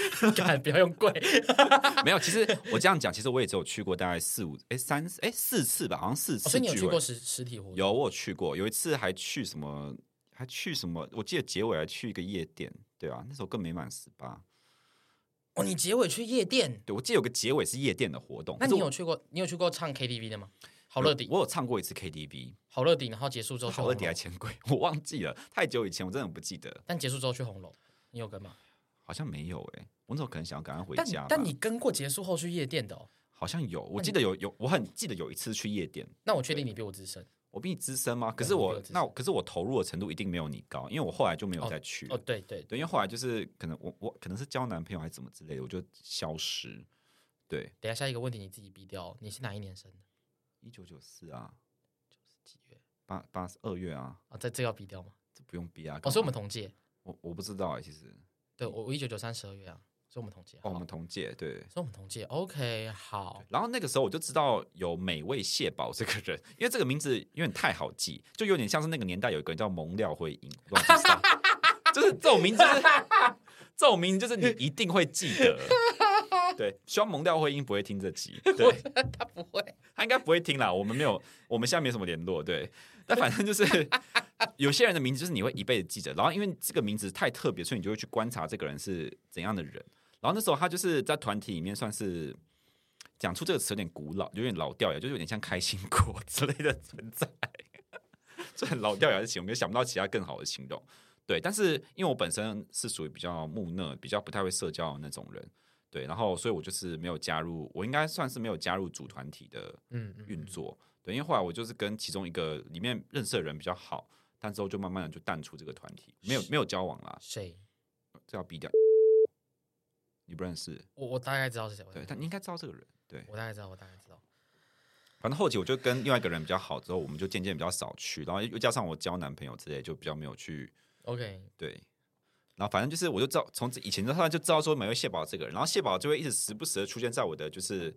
[SPEAKER 1] 不要
[SPEAKER 2] 用貴，
[SPEAKER 1] (laughs) (laughs) 沒有。其實我這樣講，其實我也只有去過大概四五哎、欸、三哎、欸、四次吧，好像四次。是、哦、你有去過實
[SPEAKER 2] 實體活動？有，
[SPEAKER 1] 我有去過。有一次還去什麼？還去什麼？我記得結尾還去一個夜店，對啊，那時候更沒滿十八。哦，你結尾去夜店？對，我記得有個結尾是夜店的活動。那你有去
[SPEAKER 2] 過？你有去過唱 KTV 的嗎？
[SPEAKER 1] 好樂迪，我有唱過一次 KTV。好樂迪，然後結束之後，好樂迪還錢櫃，我忘記了，太久以前，我真的不記得。
[SPEAKER 2] 但結束之後去紅樓，你有跟嗎？
[SPEAKER 1] 好像沒有、欸，哎。我那時候可能想要趕快回家，但你
[SPEAKER 2] 跟過結束後去夜店的，哦。
[SPEAKER 1] 好像有，我記得有有，我很記得有一次去夜店。
[SPEAKER 2] 那我確定你比我資深，
[SPEAKER 1] 我比你資深嗎？可是我那可是我投入的程度一定沒有你高，因為我後來就沒有再去。哦，對對對，因為後來就是可能我我可能是交男朋友還是怎麼之類的，我就消失。對，
[SPEAKER 2] 等下下一個問題你自己逼掉，你是哪一年生的？一九九四啊，幾月？八八十二月啊？啊，在這要逼掉嗎？這不用逼啊。哦，所以我們同屆。
[SPEAKER 1] 我我不知道哎，其實。
[SPEAKER 2] 對我我一九九三十二月啊。是我們同屆，哦，好我們
[SPEAKER 1] 同屆，對，
[SPEAKER 2] 是我們同屆。OK，好。
[SPEAKER 1] 然後那個時候我就知道有美味蟹堡這個人，因為這個名字有點太好記，就有點像是那個年代有一個人叫蒙廖輝英， (laughs) 就是這種名字，就是， (laughs) 這種名字就是你一定會記得。
[SPEAKER 2] (laughs)
[SPEAKER 1] 對，希望蒙廖輝英不會聽這集。對， (laughs) 他不會，他應該不會聽啦。我們沒有，我們現在沒什麼聯絡。對，但反正就是有些人的名字就是你會一輩子記着。然後因為這個名字太特別，所以你就會去觀察這個人是怎樣的人。然後那時候他就是在團體裡面算是講出這個詞有點古老，有點老掉牙，就是有點像開心果之類的存在，這 (laughs) 很老掉牙的行我沒想不到其他更好的行動。對，但是因為我本身是屬於比較木訥、比較不太會社交的那種人，對，然後所以我就是沒有加入，我應該算是沒有加入主團體的運作，嗯嗯嗯、對，因為後來我就是跟其中一個裡面認識的人比較好，但之後就慢慢的就淡出這個團體，沒有沒有交往了。誰？這要逼掉。你不認識
[SPEAKER 2] 我，我大概知道是誰。對，但你應該知道這個人。對，我大概知道，我大概知道。
[SPEAKER 1] 反正後期我就跟另外一個人比較好，之後我們就漸漸比較少去，然後又加上我交男朋友之類，就比較沒有去。OK，對。然後反正就是，我就知道從以前之後就知道說，每位蟹堡這個人，然後蟹堡就會一直時不時的出現在我的就是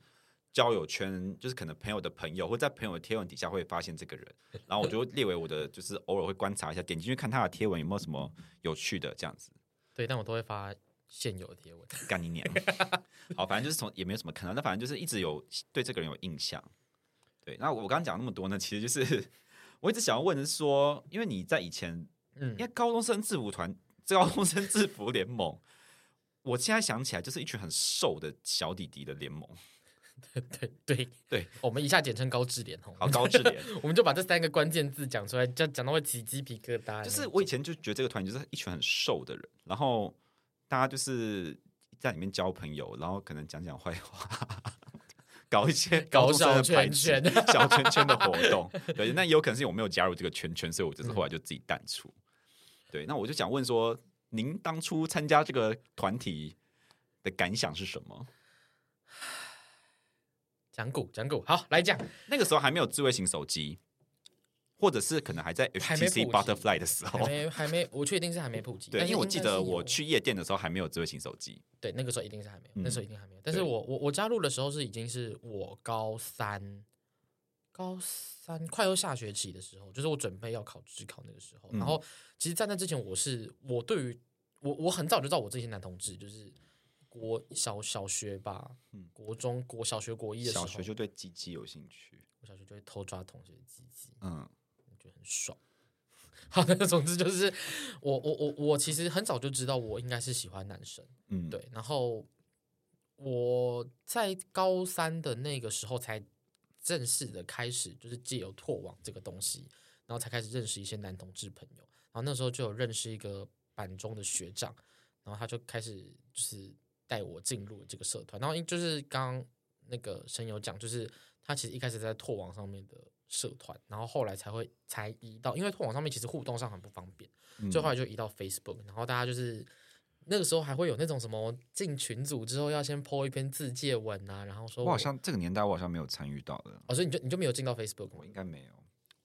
[SPEAKER 1] 交友圈，就是可能朋友的朋友，或者在朋友的貼文底下會發現這個人，然後我就列為我的，就是偶爾會觀察一下， (laughs) 點進去看他的貼文有沒有什麼有趣的這樣子。
[SPEAKER 2] 對，但我都會發。現有的我
[SPEAKER 1] 幹你娘！ (laughs) 好，反正就是從也沒有什麼可能。那反正就是一直有對這個人有印象。對，那我剛剛講那麼多呢，其實就是我一直想要問的是說，因為你在以前，嗯，因為高中生制服團，這高中生制服聯盟， (laughs) 我現在想起來就是一群很瘦的小弟弟的聯盟。對
[SPEAKER 2] 對對，對對對，我們以下簡稱高制聯。好，高制聯， (laughs) 我們就把這三個關鍵字講出來，就講到會起雞皮疙瘩。就是我以前就
[SPEAKER 1] 覺得這個團就是一群很瘦的人，然後。大家就是在裡面交朋友，然後可能講講壞話，搞一些搞小圈圈、小圈圈的活動。 (laughs) 對，那也有可能是因為我沒有加入這個圈圈，所以我就是後來就自己淡出。嗯、對，那我就想問說，您當初參加這個團體的感想是什麼？講古，講古，好，來講。那個時候還沒有智慧型手機。或者是可能還在 HTC Butterfly 的時候，沒還沒，
[SPEAKER 2] 還沒我確定是還沒普及。但 (laughs) 因為我記得我
[SPEAKER 1] 去夜店的時候還沒有智慧型手機。
[SPEAKER 2] 對，那個時候一定是還沒有，嗯、那時候一定還沒有。但是我對我我加入的時候是已經是我高三，高三快要下學期的時候，就是我準備要考指考那個時候。嗯、然後，其實，在那之前我，我是我對於我我很早就知道我這些男同志，就是國小小學吧，國中國小學國一的時候，小學就對雞雞有興趣，我小學就會偷抓同學雞雞，嗯。很爽。好的，總之就是我我我我其實很早就知道我應該是喜歡男生，嗯，對。然後我在高三的那個時候才正式的開始，就是借由拓網這個東西，然後才開始認識一些男同志朋友。然後那時候就有認識一個板中的學長，然後他就開始就是帶我進入這個社團。然後就是剛那個聲優講，就是他其實一開始在拓網上面的。社團，然後後來才會才移到，因為拓網上面其實互動上很不方便，最、嗯、後來就移到 Facebook。然後大家就是那個時候還會有那種什麼進群組之後要先 po 一篇自介文啊，然後說我，我好
[SPEAKER 1] 像這個年代我好像沒有參與到的，哦，所以你
[SPEAKER 2] 就你就沒有進到 Facebook，我應該沒有，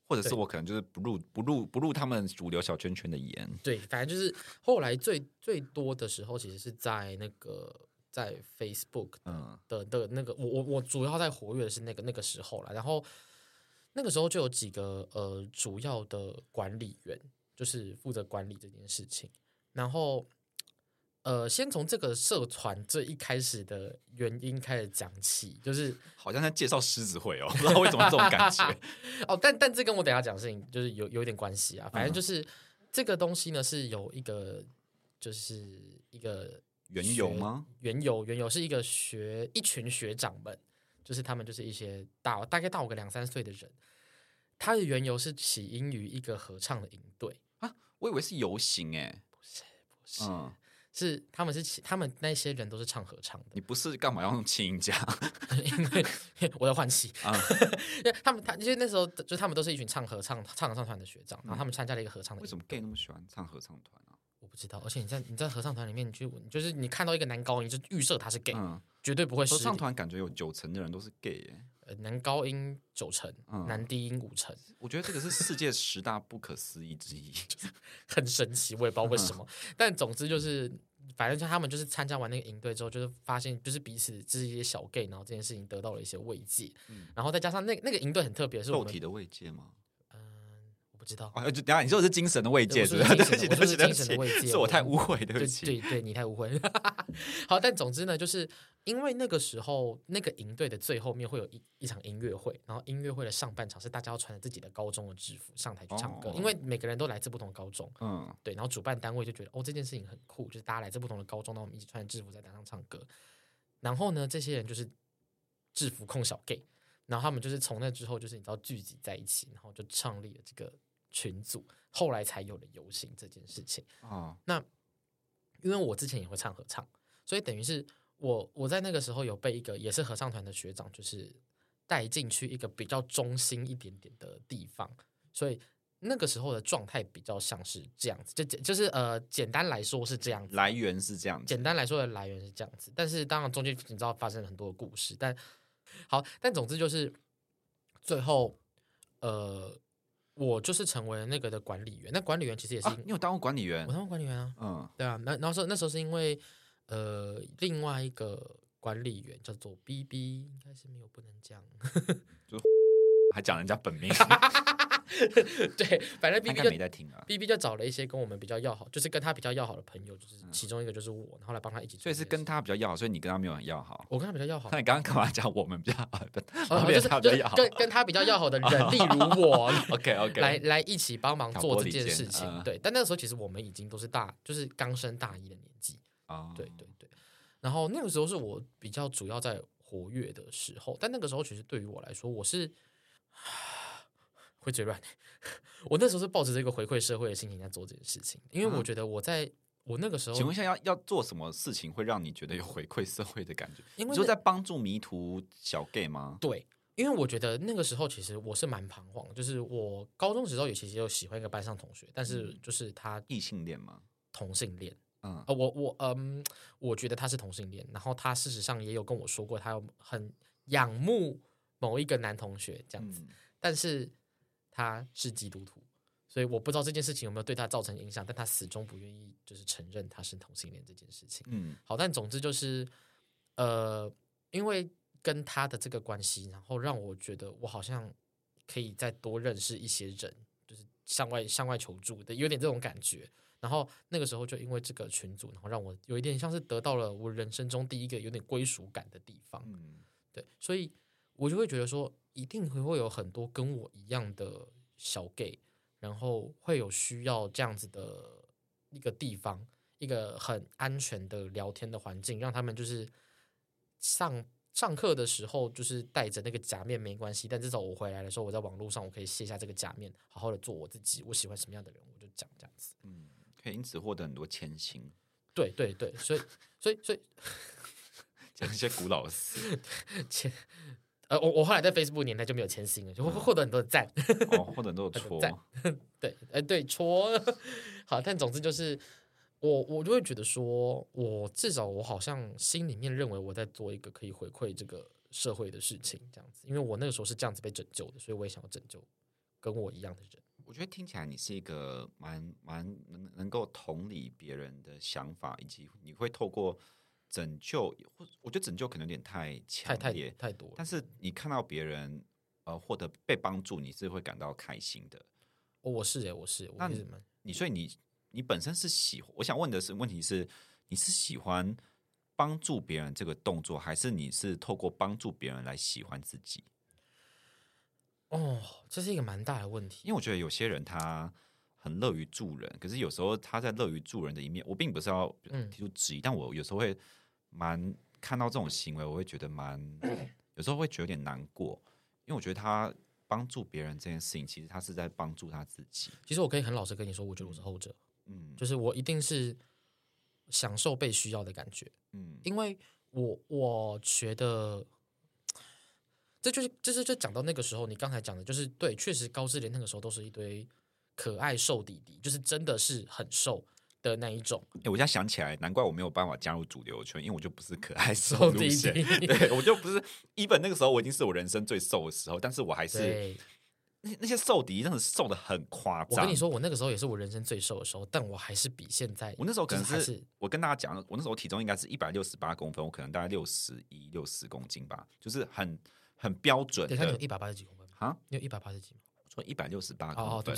[SPEAKER 2] 或者是我可
[SPEAKER 1] 能就是不入不入不入他們主流小圈圈的眼，
[SPEAKER 2] 對，反正就是後來最最多的時候，其實是在那個在 Facebook 嗯的的那個我我我主要在活躍的是那個那個時候了，然後。那個時候就有幾個呃主要的管理員，就是負責管理這件事情。然後，呃，先從這個社團這一開始的原因開始講起，就是好像在介紹獅子會哦， (laughs) 不知道為什麼這種感覺。 (laughs) 哦，但但這跟我等下講事情就是有有點關係啊。反正就是、嗯、這個東西呢是有一個，就是一個緣由嗎？緣由，緣由是一個學一群學長們。就是他們就是一些大大概大我個兩三歲的人，他的緣由是起因於一個合唱的營
[SPEAKER 1] 隊啊，我以為是遊行哎，不是不、嗯、是，
[SPEAKER 2] 是他們是起，他們那些人都是唱合唱的，
[SPEAKER 1] 你不是幹嘛要用氣音講？ (laughs) 因為我在換氣啊，嗯、
[SPEAKER 2] 因為他們他因為那時候就他們都是一群唱合唱唱合唱團的學長，然後他們參加了一個合唱的、嗯，為什麼 gay 那麼喜歡唱合唱團啊？我不知道，而且你在你在合唱團裡面，你去聞，就是你看到一個男高音，你就預設他是 gay，、嗯、絕對不會是。合唱團
[SPEAKER 1] 感覺有九成的人都是 gay，哎、欸，男高音九成，男、嗯、
[SPEAKER 2] 低音五成。我覺得這個是世界十大不可思議之一， (laughs) 就是很神奇，我也不知道為什麼。嗯、但總之就是，反正就他們就是參加完那個營隊之後，就是發現就是彼此是一些小 gay，然後這件事情得到了一些慰藉，嗯、然後再加上那個、那個營隊很特別，是我們，肉體
[SPEAKER 1] 的慰藉嗎？知道啊，就等下你說我是精神的慰藉，對，是對不起，對不起，對不是，是我太污穢，對不起，對，對你太污穢。
[SPEAKER 2] (laughs) 好，但總之呢，就是因為那個時候，那個營隊的最後面會有一一場音樂會，然後音樂會的上半場是大家要穿着自己的高中的制服上台去唱歌，哦、因為每個人都來自不同的高中，嗯，對，然後主辦單位就覺得哦這件事情很酷，就是大家來自不同的高中，然後我們一起穿着制服在台上唱歌。然後呢，這些人就是制服控小 gay，然後他們就是從那之後就是你知道聚集在一起，然後就創立了這個。群組後來才有了遊行這件事情啊。Oh. 那因為我之前也會唱合唱，所以等於是我我在那個時候有被一個也是合唱團的學長，就是帶進去一個比較中心一點點的地方，所以那個時候的狀態比較像是這樣子。就簡就是呃，簡單來說是這樣子。來源是這樣。簡單來說的來源是這樣子。但是當然中間你知道發生了很多的故事，但好，但總之就是最後呃。我就是成為了那個的管理員，那管理員其實也是因為我、啊、你有當過管理員？我當過管理員啊，嗯，對啊，那那時候那時候是因為，呃，另外一個管理員叫做 BB，應該是沒有不能講，就 X X 還講人家本名。 (laughs) (laughs) (laughs) 對，反正 B B 沒在聽啊、B B 就找了一些跟我們比較要好，就是跟他比較要好的朋友，就是、嗯、其中一個就是我，然後來幫他一起。所以
[SPEAKER 1] 是跟他比較要好，所以你跟他沒有很要好。
[SPEAKER 2] 我跟他比較要好。那你剛剛幹嘛
[SPEAKER 1] 講我們比較好、嗯，就是？就是跟 (laughs)
[SPEAKER 2] 跟他比較要好的人， (laughs) 例如我。 (laughs) OK OK，來來一起幫忙做這件事情。嗯、對，但那個時候其實我們已經都是大，就是剛升大一的年紀。哦、對對對。然後那個時候是我比較主要在活躍的時候，但那個時候其實對於我來說，我是。會嘴軟。我那時候是抱着這個回饋社會的心情在做這件事情，因為我覺得我在、嗯、我那個時候，請問一下，
[SPEAKER 1] 要要做什麼事情會讓你覺得有回饋社會的感覺？因為就在幫助迷途小 gay 嗎？對，
[SPEAKER 2] 因為我覺得那個時候其實我是蠻彷徨，就是我高中時候也其實有喜歡一個班上同學，但是就是他異性戀嘛，同性戀。嗯，呃、我我嗯，我覺得他是同性戀，然後他事實上也有跟我說過，他有很仰慕某一個男同學這樣子，嗯、但是。他是基督徒，所以我不知道這件事情有沒有對他造成影響，但他始終不願意就是承認他是同性戀這件事情。嗯，好，但總之就是，呃，因為跟他的這個關係，然後讓我覺得我好像可以再多認識一些人，就是向外，向外求助的，有點這種感覺。然後那個時候就因為這個群組，然後讓我有一點像是得到了我人生中第一個有點歸屬感的地方。嗯，對，所以。我就會覺得說，一定會會有很多跟我一樣的小 gay，然後會有需要這樣子的一個地方，一個很安全的聊天的環境，讓他們就是上上課的時候就是戴着那個假面，沒關係，但至少我回來的時候，我在網絡上我可以卸下這個假面，好好的做我自己，我喜歡什麼樣的人我就講這樣子。嗯，
[SPEAKER 1] 可以因此獲得很多前行，
[SPEAKER 2] 對對對，所以所以所以
[SPEAKER 1] 講一些古老的事。
[SPEAKER 2] (laughs) 前呃，我我後來在 Facebook 年代就沒有前行了，就獲得很多的讚、嗯，哦，獲得很多戳、嗯，對，呃，對戳，好，但總之就是，我我就會覺得說，我至少我好像心裡面認為我在做一個可以回饋這個社會的事情，這樣子，因為我那個時候是這樣子被拯救的，所以我也想要拯救跟我一樣的人。
[SPEAKER 1] 我覺得聽起來你是一個蠻蠻能能夠同理別人的想法，以及你會透過。拯救，我覺得拯救可能有點太強烈、太,太,太多。但是你看到別人呃獲得被幫助，你是會感到開心的。
[SPEAKER 2] 哦，我是耶，我是耶。那
[SPEAKER 1] 你，你我所以你，你本身是喜歡？我想問的是，問題是你是喜歡幫助別人這個動作，還是你是透過幫助別人來喜歡自己？
[SPEAKER 2] 哦，這是一個蠻大的問題，因
[SPEAKER 1] 為我覺得有些人他很樂於助人，可是有時候他在樂於助人的一面，我並不是要提出質疑，嗯、但我有時候會。蠻看到這種行為，我會覺得蠻 (coughs) 有時候會覺得有點難過，因為我覺得他幫助別人這件事情，其實他是在幫助他自己。
[SPEAKER 2] 其實我可以很老實跟你說，我覺得我是後者，嗯，就是我一定是享受被需要的感覺，嗯，因為我我覺得這就是就是就講到那個時候你，你剛才講的就是對，確實高制聯那個時候都是一堆可愛瘦弟弟，就是真的是很瘦。的那一種，
[SPEAKER 1] 哎、欸，我現在想起來，難怪我沒有辦法加入主流圈，因為我就不是可愛瘦的型，滴滴對，我就不是一本那個時候，我已經是我人生最瘦的時候，但是我還是對那那些瘦迪真的瘦的很誇張。我跟你說，
[SPEAKER 2] 我那個時候也是我人生最瘦的時候，但我還是比現在，我那時候可能還是，就是
[SPEAKER 1] 就是，我跟大家講，我那時候體重應該是一百六十八公分，我可能大概六十一、六十公斤吧，就是很很標準，對看你有一百八十幾公分，啊？你有一百八十幾嗎？一百六十八公分，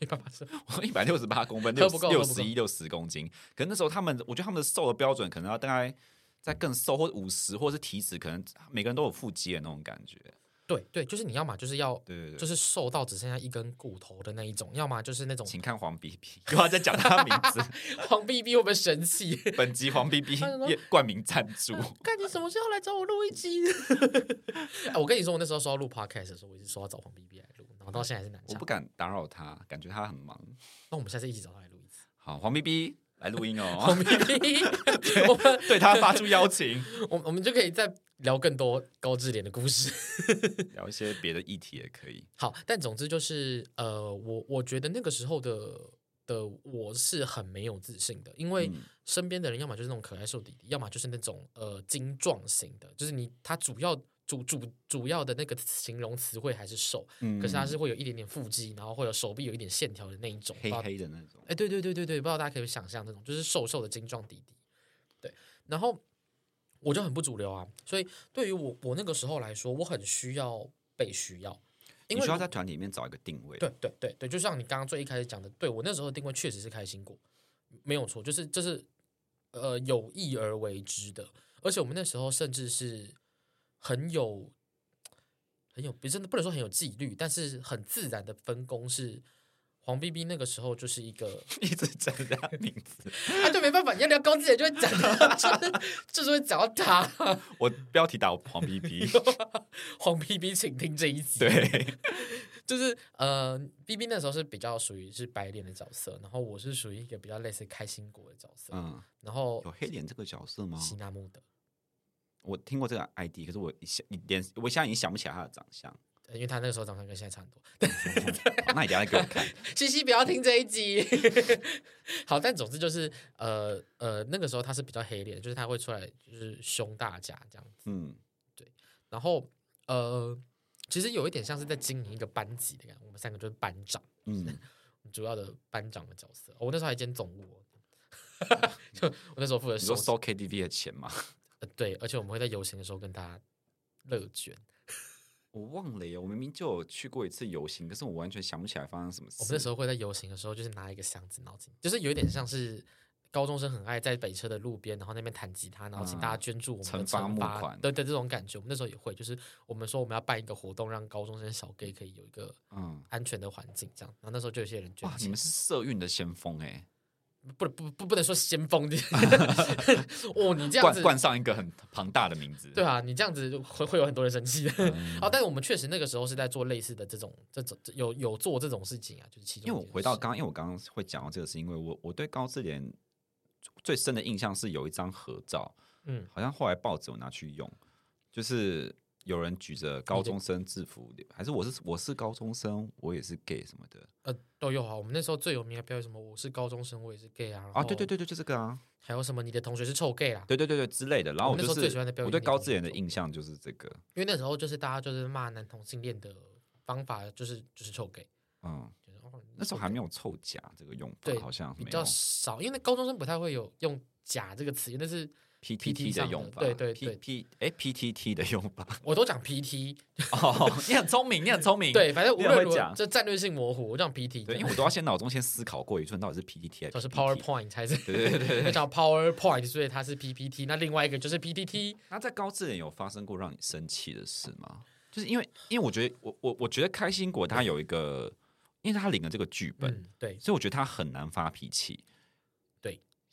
[SPEAKER 1] 一
[SPEAKER 2] 百、哦、我一百六十八公分，六六十一
[SPEAKER 1] 六十公斤。可是那時候他們，我覺得他們的瘦的標準，可能要大概在更瘦，或者五十，或者是體脂，可能每個人都有腹肌的那種感覺。
[SPEAKER 2] 對對，就是你要嘛，就是要，就是瘦到只剩下一根骨頭的那一種，對對對，要麼就是那種，請看黃 BB，不要再講他的名字， (laughs) 黃 BB，我被神氣。本集黃 BB 冠名贊助，看、 (laughs) 哎、你什麼時候來找我錄一集？ (laughs) 哎，我跟你說，我那時候說要錄 Podcast 的時候，我一直說要找黃 BB 來錄，然後到現在還是難。我不敢打擾他，感覺他很忙。那我們下次一起找他來錄一次。好，
[SPEAKER 1] 黃 BB 來錄音哦，黃 BB，對他發出邀請。
[SPEAKER 2] 我我們就可以在。聊更多高制聯的故事， (laughs) 聊一些別的議題也可以。好，但總之就是，呃，我我覺得那個時候的的我是很沒有自信的，因為身邊的人要麼就是那種可愛瘦弟弟，嗯、要麼就是那種呃精壯型的，就是你他主要主主主要的那個形容詞彙還是瘦，嗯、可是他是會有一點點腹肌，然後或者手臂有一點線條的那一種，發黑，黑的那種。哎、欸，對對對對對，不知道大家可以想象那種，就是瘦瘦的精壯弟弟。對，然後。我就很不主流啊，所以對於我我那個時候來說，我很需要被需要，
[SPEAKER 1] 因為我需要在
[SPEAKER 2] 團體裡面找一個定位。對對對對，就像你剛剛最一開始講的，對我那時候的定位確實是開心果，沒有錯，就是就是呃有意而為之的，而且我們那時候甚至是很有很有，別真的不能說很有紀律，但是很自然的分工是。黃 BB 那個時候就是一個 (laughs) 一直站在他的名字， (laughs) 就沒辦法，你要聊高制也就會講、就是，就是就是會講到他。 (laughs) 我標題打黃 BB，黃 BB 請聽這一集。對，就是呃，BB 那時候是比較屬於是白臉的角色，然後我是屬於一個比較類似開心果的角色。嗯，然後有黑臉這個角色嗎？西納木的
[SPEAKER 1] 我聽過這個 ID，可是我現一點，我現在已經想不起來他的長相。
[SPEAKER 2] 因為他那個時候長相跟現在差不多、嗯 (laughs) 對，那你一下給我看。西西不要聽這一集。 (laughs) 好，但總之就是呃呃，那個時候他是比較黑臉，就是他會出來就是凶大家這樣子。嗯，對。然後呃，其實有一點像是在經營一個班級的感覺，我們三個就是班長，嗯，主要的班長的角色。哦、我那時候還兼總務， (laughs) 就我那時候負責收，收
[SPEAKER 1] KTV 的錢嘛、
[SPEAKER 2] 呃。對。而且我們會在遊行的時候跟他樂捐。
[SPEAKER 1] 我忘了耶，我明明就有去過一
[SPEAKER 2] 次遊行，可是我完全想不起來發生什麼事。我們那時候會在遊行的時候，就是拿一個箱子，然後就是有一點像是高中生很愛在北車的路邊，然後那邊彈吉他，然後請大家捐助我們的籌、呃、款，對對，這種感覺。我們那時候也會，就是我們說我們要辦一個活動，讓高中生小 gay 可以有一個嗯安全的環境，這樣。然後那時候就有些人捐哇錢。
[SPEAKER 1] 你們是社運的先鋒誒、欸。
[SPEAKER 2] 不不不不能說先鋒， (laughs) 哦，你這樣子冠上
[SPEAKER 1] 一個很龐大的名字，對
[SPEAKER 2] 啊，你這樣子會會有很多人生氣的。好、嗯哦，但是我們確實那個時候是在做類似的這種這種有有做這種事情啊，就是其中。因為我回到剛剛，因為
[SPEAKER 1] 我剛剛會講到這個，是因為我我對高制聯最深的印象是有一張合照，嗯，好像後來報紙我拿去用，就是。有人舉着高中生制服，對對對，還是我是我是高中生，我也是 gay 什麼的。
[SPEAKER 2] 呃，都有啊。我們那時候最有名的標語什麼，我是高中生，我也是 gay 啊。啊，對對對對，就這個啊。還有什麼？你的同學是臭 gay 啊？
[SPEAKER 1] 對對對對，之類的。然後我、就是、我們那時候最喜歡表的標語，我對高制聯的印象就是這個，這
[SPEAKER 2] 個、因為那時候就是大家就是罵男同性戀的方法就是就是臭 gay。嗯。
[SPEAKER 1] 嗯，那時候還沒有臭甲對這個用法，對好像比較
[SPEAKER 2] 少，因為高中生不太會有用甲這個詞，但是。PPT 的用法，對對,
[SPEAKER 1] 對 p p t 哎，PPT 的用法，
[SPEAKER 2] 我都講 PPT。哦，oh, 你很聰明，你很聰明。 (laughs) 對，反正無論如何，就戰略性模糊，我講 PPT，因為我都要
[SPEAKER 1] 先腦中先思考過一寸，到底是 PPT 還是
[SPEAKER 2] PowerPoint 才是？對,對對對，我講 PowerPoint，所以它是 PPT。那另外一個就是 PTT。那、嗯、在
[SPEAKER 1] 高制聯有發生過讓你生氣的事嗎？就是因為，因為我覺得我我我覺得開心果他有一個，對因為他領了這個劇本，嗯、對，所以我覺得他很難發脾氣。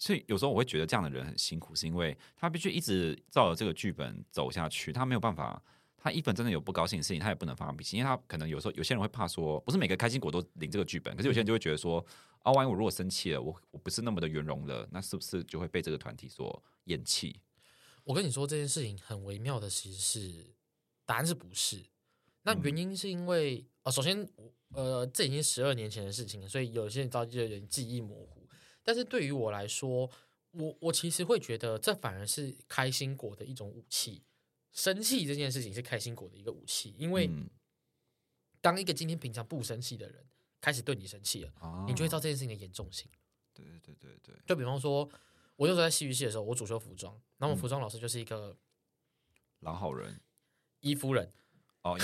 [SPEAKER 1] 所以有時候我會覺得這樣的人很辛苦，是因為他必須一直照着這個劇本走下去，他沒有辦法。他一本真的有不高興的事情，他也不能發脾氣，因為他可能有時候有些人會怕說，不是每個開心果都領這個劇本。可是有些人就會覺得說，啊，萬一我如果生氣了，我我不是那麼的圓融了，那是不是就會被這個團體所厭棄？
[SPEAKER 2] 我跟你說這件事情很微妙的其實是答案是不是？那原因是因為呃、嗯哦，首先呃，這已經十二年前的事情，所以有些人着急的人記憶模糊。但是對於我來說，我我其實會覺得這反而是開心果的一種武器。生氣這件事情是開心果的一個武器，因為當一個今天平常不生氣的人開始對你生氣了，哦、你就會知道這件事情的嚴重性。對對對對對。就比方說，我就在戲劇系的時候，我主修服裝，那麼服裝老師就是一個
[SPEAKER 1] 老好人，伊夫人。哦，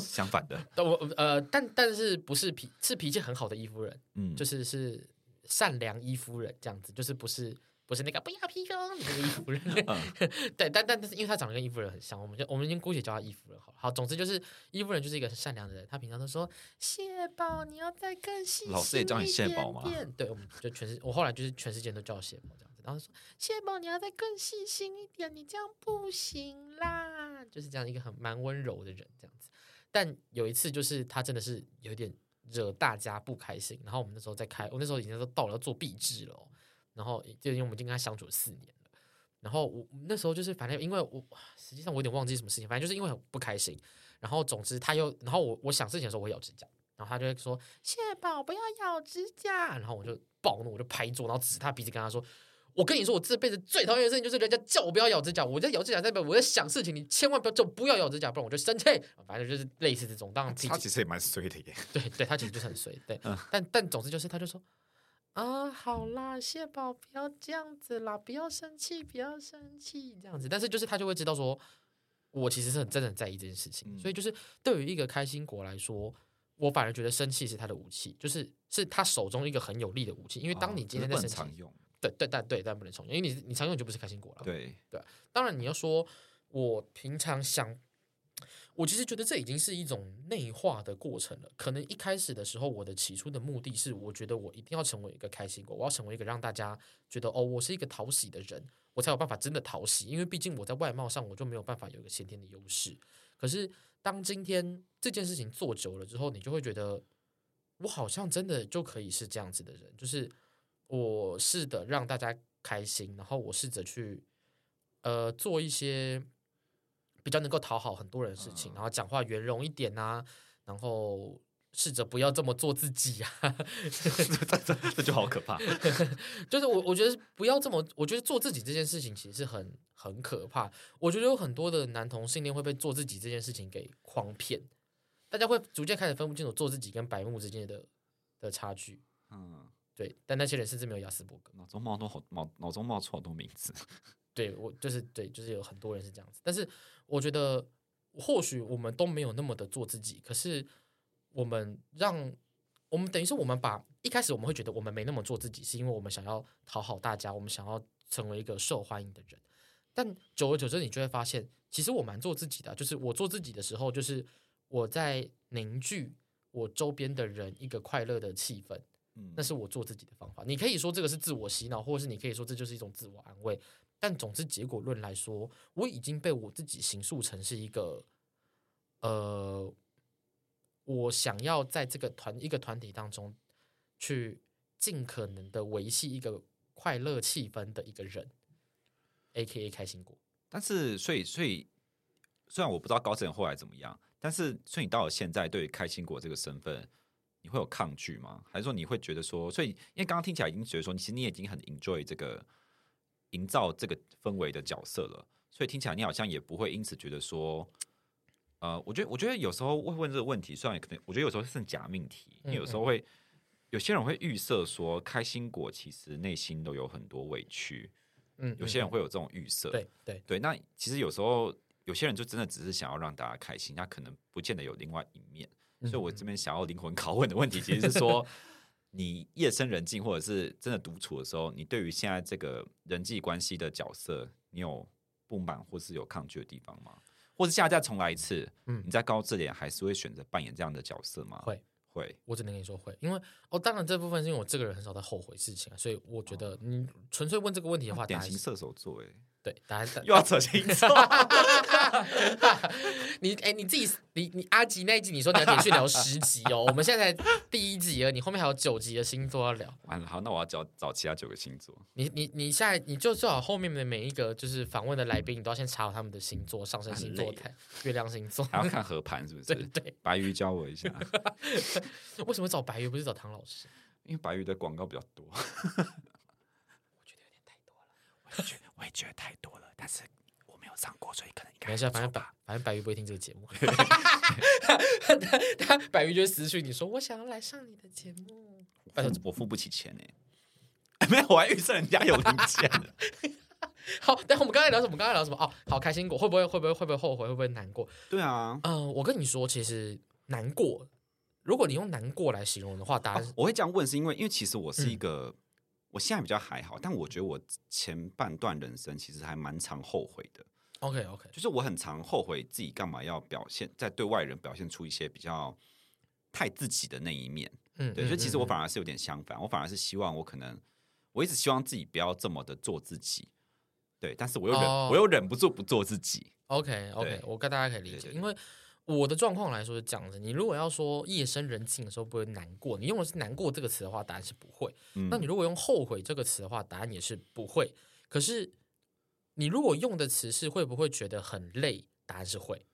[SPEAKER 1] 相反的，
[SPEAKER 2] 我呃， (laughs) 但但是不是脾是脾氣很好的伊夫人，嗯，就是是。善良伊夫人這樣子，就是不是不是那個不要批評，喔，你那伊夫人，嗯、 (laughs) 對，但但但是因為他長得跟伊夫人很像，我們就我們已經姑且叫他伊夫人好了，好好，總之就是伊夫人就是一個很善良的人，他平常都說蟹堡你要再更細心一點，點，老師也叫你蟹堡嗎？對，我們就全世我後來就是全世界都叫蟹堡這樣子，然後說蟹堡你要再更細心一點，你這樣不行啦，就是這樣一個很蠻溫柔的人這樣子，但有一次就是他真的是有點。惹大家不開心，然後我們那時候在開，我那時候已經都到了要做畢製了，哦，然後就因為我們已經跟他相處了四年了，然後我那時候就是反正因為我實際上我有點忘記什麼事情，反正就是因為很不開心，然後總之他又，然後我我想事情的時候我會咬指甲，然後他就會說：“蟹堡不要咬指甲。”然後我就暴怒，我就拍桌，然後指他鼻子跟他說。我跟你說，我這輩子最討厭的事情就是人家叫我不要咬指甲，我在咬指甲咬，代表我在想事情。你千萬不要就不要咬指甲，不然我就生氣。反正就是類似這種。當然、P，他其實也蠻衰的耶。對對，他其實就是很衰的。對嗯、但但總之就是，他就說啊，好啦，蟹堡，不要這樣子啦，不要生氣，不要生氣，這樣子。但是就是他就會知道說，我其實是很真的很在意這件事情。嗯、所以就是對於一個開心果來說，我反而覺得生氣是他的武器，就是是他手中一個很有力的武器。因為當你今天在生氣。哦對對但對但不能重用，因為你你常用就不是開心果了。對對，當然你要說，我平常想，我其實覺得這已經是一種內化的過程了。可能一開始的時候，我的起初的目的是，我覺得我一定要成為一個開心果，我要成為一個讓大家覺得哦，我是一個討喜的人，我才有辦法真的討喜。因為畢竟我在外貌上，我就沒有辦法有一個先天的優勢。可是當今天這件事情做久了之後，你就會覺得，我好像真的就可以是這樣子的人，就是。我試着讓大家開心，然後我試着去，呃，做一些比較能夠討好很多人的事情，嗯、然後講話圓融一點啊，然後試着不要這麼做自己呀，啊， (laughs) 這就好可怕。 (laughs) 就是我我覺得不要這麼，我覺得做自己這件事情其實是很很可怕。我覺得有很多的男同性戀會被做自己這件事情給誆騙，大家會逐漸開始分不清楚做自己跟白目之間的的差距，嗯。對，但那些人甚至沒有亞斯伯格。
[SPEAKER 1] 腦中冒出好多腦腦中冒出好多名字。
[SPEAKER 2] (laughs) 對，我就是對，就是有很多人是這樣子。但是我覺得或許我們都沒有那麼的做自己。可是我們讓我們等於是我們把一開始我們會覺得我們沒那麼做自己，是因為我們想要討好大家，我們想要成為一個受歡迎的人。但久而久之，你就會發現，其實我蠻做自己的啊。就是我做自己的時候，就是我在凝聚我周邊的人一個快樂的氣氛。嗯，那是我做自己的方法。你可以說這個是自我洗腦，或者是你可以說這就是一種自我安慰。但總之，結果論來說，我已經被我自己形塑成是一個，呃，我想要在這個團一個團體當中去盡可能的維繫一個快樂氣氛的一個人，AKA 開心果。
[SPEAKER 1] 但是，所以，所以，雖然我不知道高成後來怎麼樣，但是，所以你到了現在，對開心果這個身份，你會有抗拒嗎？還是說你會覺得說，所以因為剛剛聽起來已經覺得說，其實你已經很 enjoy 這個營造這個氛圍的角色了，所以聽起來你好像也不會因此覺得說，呃，我覺得我覺得有時候會問這個問題，雖然可能我覺得有時候是假命題，因為有時候會有些人會預設說開心果其實內心都有很多委屈，嗯，有些人會有這種預設，對對對，那其實有時候有些人就真的只是想要讓大家開心，他可能不見得有另外一面。嗯嗯所以，我這邊想要靈魂拷問的問題，其實是說，你夜深人靜或者是真的獨處的時候，你對於現在這個人際關係的角色，你有不滿或是有抗拒的地方嗎？或者下次再重來一次，嗯，你在高制聯還是會選擇扮演這樣的角色嗎？嗯、會，會。
[SPEAKER 2] 我只能跟你說會，因為哦，當然這部分是因為我這個人很少在後悔事情、啊，所以我覺得你純粹問這個問題的話，啊、典型射手座誒、欸。對，答案又要扯星座。 (laughs) (laughs) (laughs) 你、欸、你自己，你你阿吉那一集，你說你要連續聊十集哦。 (laughs) 我們現在第一集了，你後面還有九集的星座要聊。完了，好，那我要找找其他九個星座。你你你現在你就最好後面的每一個就是訪問的來賓，你都要先查好他們的星座、上升星座、月亮星座，還要看合盤是不是？對 (laughs) 對。
[SPEAKER 1] 對，白魚教我一
[SPEAKER 2] 下， (laughs) 為什麼找白魚不是找唐老師？因為白魚的廣告比較多。 (laughs) 我覺得有點太多了，我覺得。 (laughs) 我也覺得太多了，但是我沒有上過，所以可能你看一下，反正把反正白魚不會聽這個節目。 (laughs) (laughs) (laughs) 他，他，他，他白魚就私訊你說我想要來上你的節目，
[SPEAKER 1] 反正、嗯、我付不起錢呢、哎。沒有，我還
[SPEAKER 2] 預測人家有錢的。 (laughs) 好，但我們剛才聊什麼？我們剛才聊什麼？哦，好，開心果會不會會不會會不會後悔會，會不會難過？對啊，嗯、呃，我跟你說，其實難過，如果你用難過來形容的話，當
[SPEAKER 1] 然、哦、我會這樣問，是因為因為其實我是一個。嗯我現在比較還好，但我覺得我前半段人生其實還蠻常後悔的。
[SPEAKER 2] OK OK，就
[SPEAKER 1] 是我很常後悔自己幹嘛要表現在對外人表現出一些比較太自己的那一面。嗯，對，所以其實我反而是有點相反，嗯嗯嗯，我反而是希望我可能我一直希望自己不要這麼的做自己。對，但是我又忍，Oh. 我又忍不住不做自己。
[SPEAKER 2] OK OK，對我跟大家可以理解，對對對對，因為。我的狀況來說是這樣子，你如果要說夜深人靜的時候不會難過，你用的是“難過”這個詞的話，答案是不會；嗯，那你如果用“後悔”這個詞的話，答案也是不會。可是，你如果用的詞是會不會覺得很累？答案是會。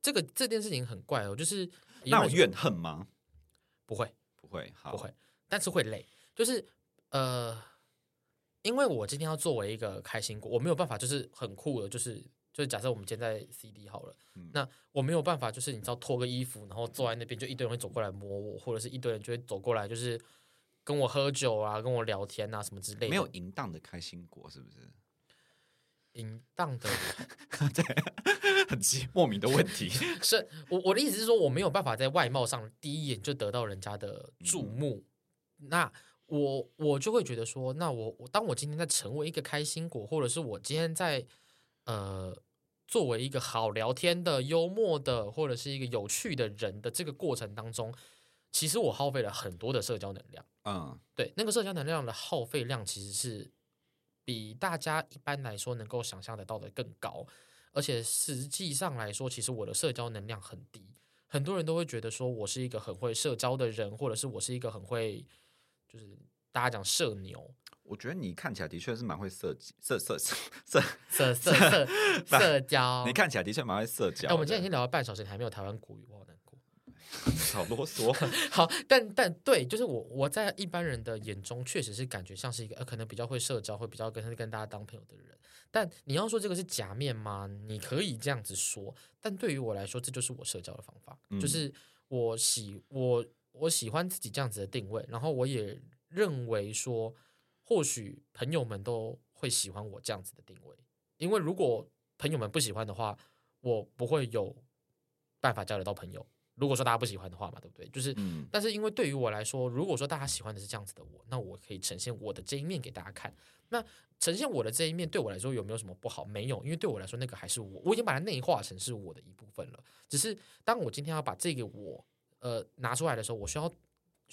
[SPEAKER 2] 這個這件事情很怪哦，就是抱怨恨嗎？不會，不會，好，不會，但是會累。就是呃，因為我今天要作為一個開心果，我沒有辦法，就是很酷的，就是。就是假設我們今天在 C D 好了，嗯、那我沒有辦法，就是你知道脫個衣服，然後坐在那邊，就一堆人會走過來摸我，或者是一堆人就會走過來，就是跟我喝酒啊，跟我聊天啊，什麼之類。沒有
[SPEAKER 1] 淫蕩的開心果，是不是？
[SPEAKER 2] 淫蕩的， (laughs) 對，很奇莫名的問題。 (laughs) 是我我的意思是說，我沒有辦法在外貌上第一眼就得到人家的注目。嗯、那我我就會覺得說，那我我當我今天在成為一個開心果，或者是我今天在。呃，作為一個好聊天的、幽默的，或者是一個有趣的人的這個過程當中，其實我耗費了很多的社交能量。嗯，uh. 對，那個社交能量的耗費量其實是比大家一般來說能夠想象得到的更高。而且實際上來說，其實我的社交能量很低。很多人都會覺得說我是一個很會社交的人，或者是我是一個很會，就是大家講社牛。我
[SPEAKER 1] 覺得你看起來的確是蠻會設社社社社社社社交。你看起來的確蠻會社交。哎、啊，我們今天已經
[SPEAKER 2] 聊了半小時，你還沒有台灣國語，我好難過。
[SPEAKER 1] (laughs) 好囉嗦。
[SPEAKER 2] (laughs) 好，但但對，就是我我在一般人的眼中，確實是感覺像是一個呃，可能比較會社交，會比較跟跟大家當朋友的人。但你要說這個是假面嗎？你可以這樣子說。但對於我來說，這就是我社交的方法，就是我喜我我喜歡自己這樣子的定位，然後我也認為說。或許朋友們都會喜歡我這樣子的定位，因為如果朋友們不喜歡的話，我不會有辦法交流到朋友。如果說大家不喜歡的話嘛，對不對？就是，但是因為對於我來說，如果說大家喜歡的是這樣子的我，那我可以呈現我的這一面給大家看。那呈現我的這一面對我來說有沒有什麼不好？沒有，因為對我來說那個還是我，我已經把它內化成是我的一部分了。只是當我今天要把這個我呃拿出來的時候，我需要。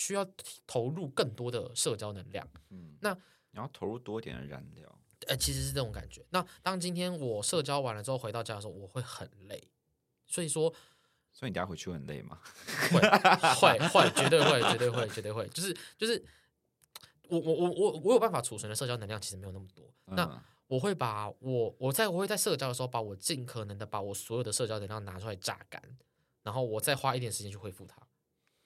[SPEAKER 2] 需要投入更多的社交能量，嗯，那你要投入多一點的燃料，呃、欸，其實是這種感覺。那當今天我社交完了之後回到家的時候，我會很累，所以說，
[SPEAKER 1] 所以你等下回去會很累嗎？會？
[SPEAKER 2] 會，會，會，絕對會，絕對會，絕對會。就是，就是，我，我，我，我，我有辦法儲存的社交能量其實沒有那麼多。嗯、那我會把我，我在我會在社交的時候，把我盡可能的把我所有的社交能量拿出來榨乾，然後我再花一點時間去恢復它。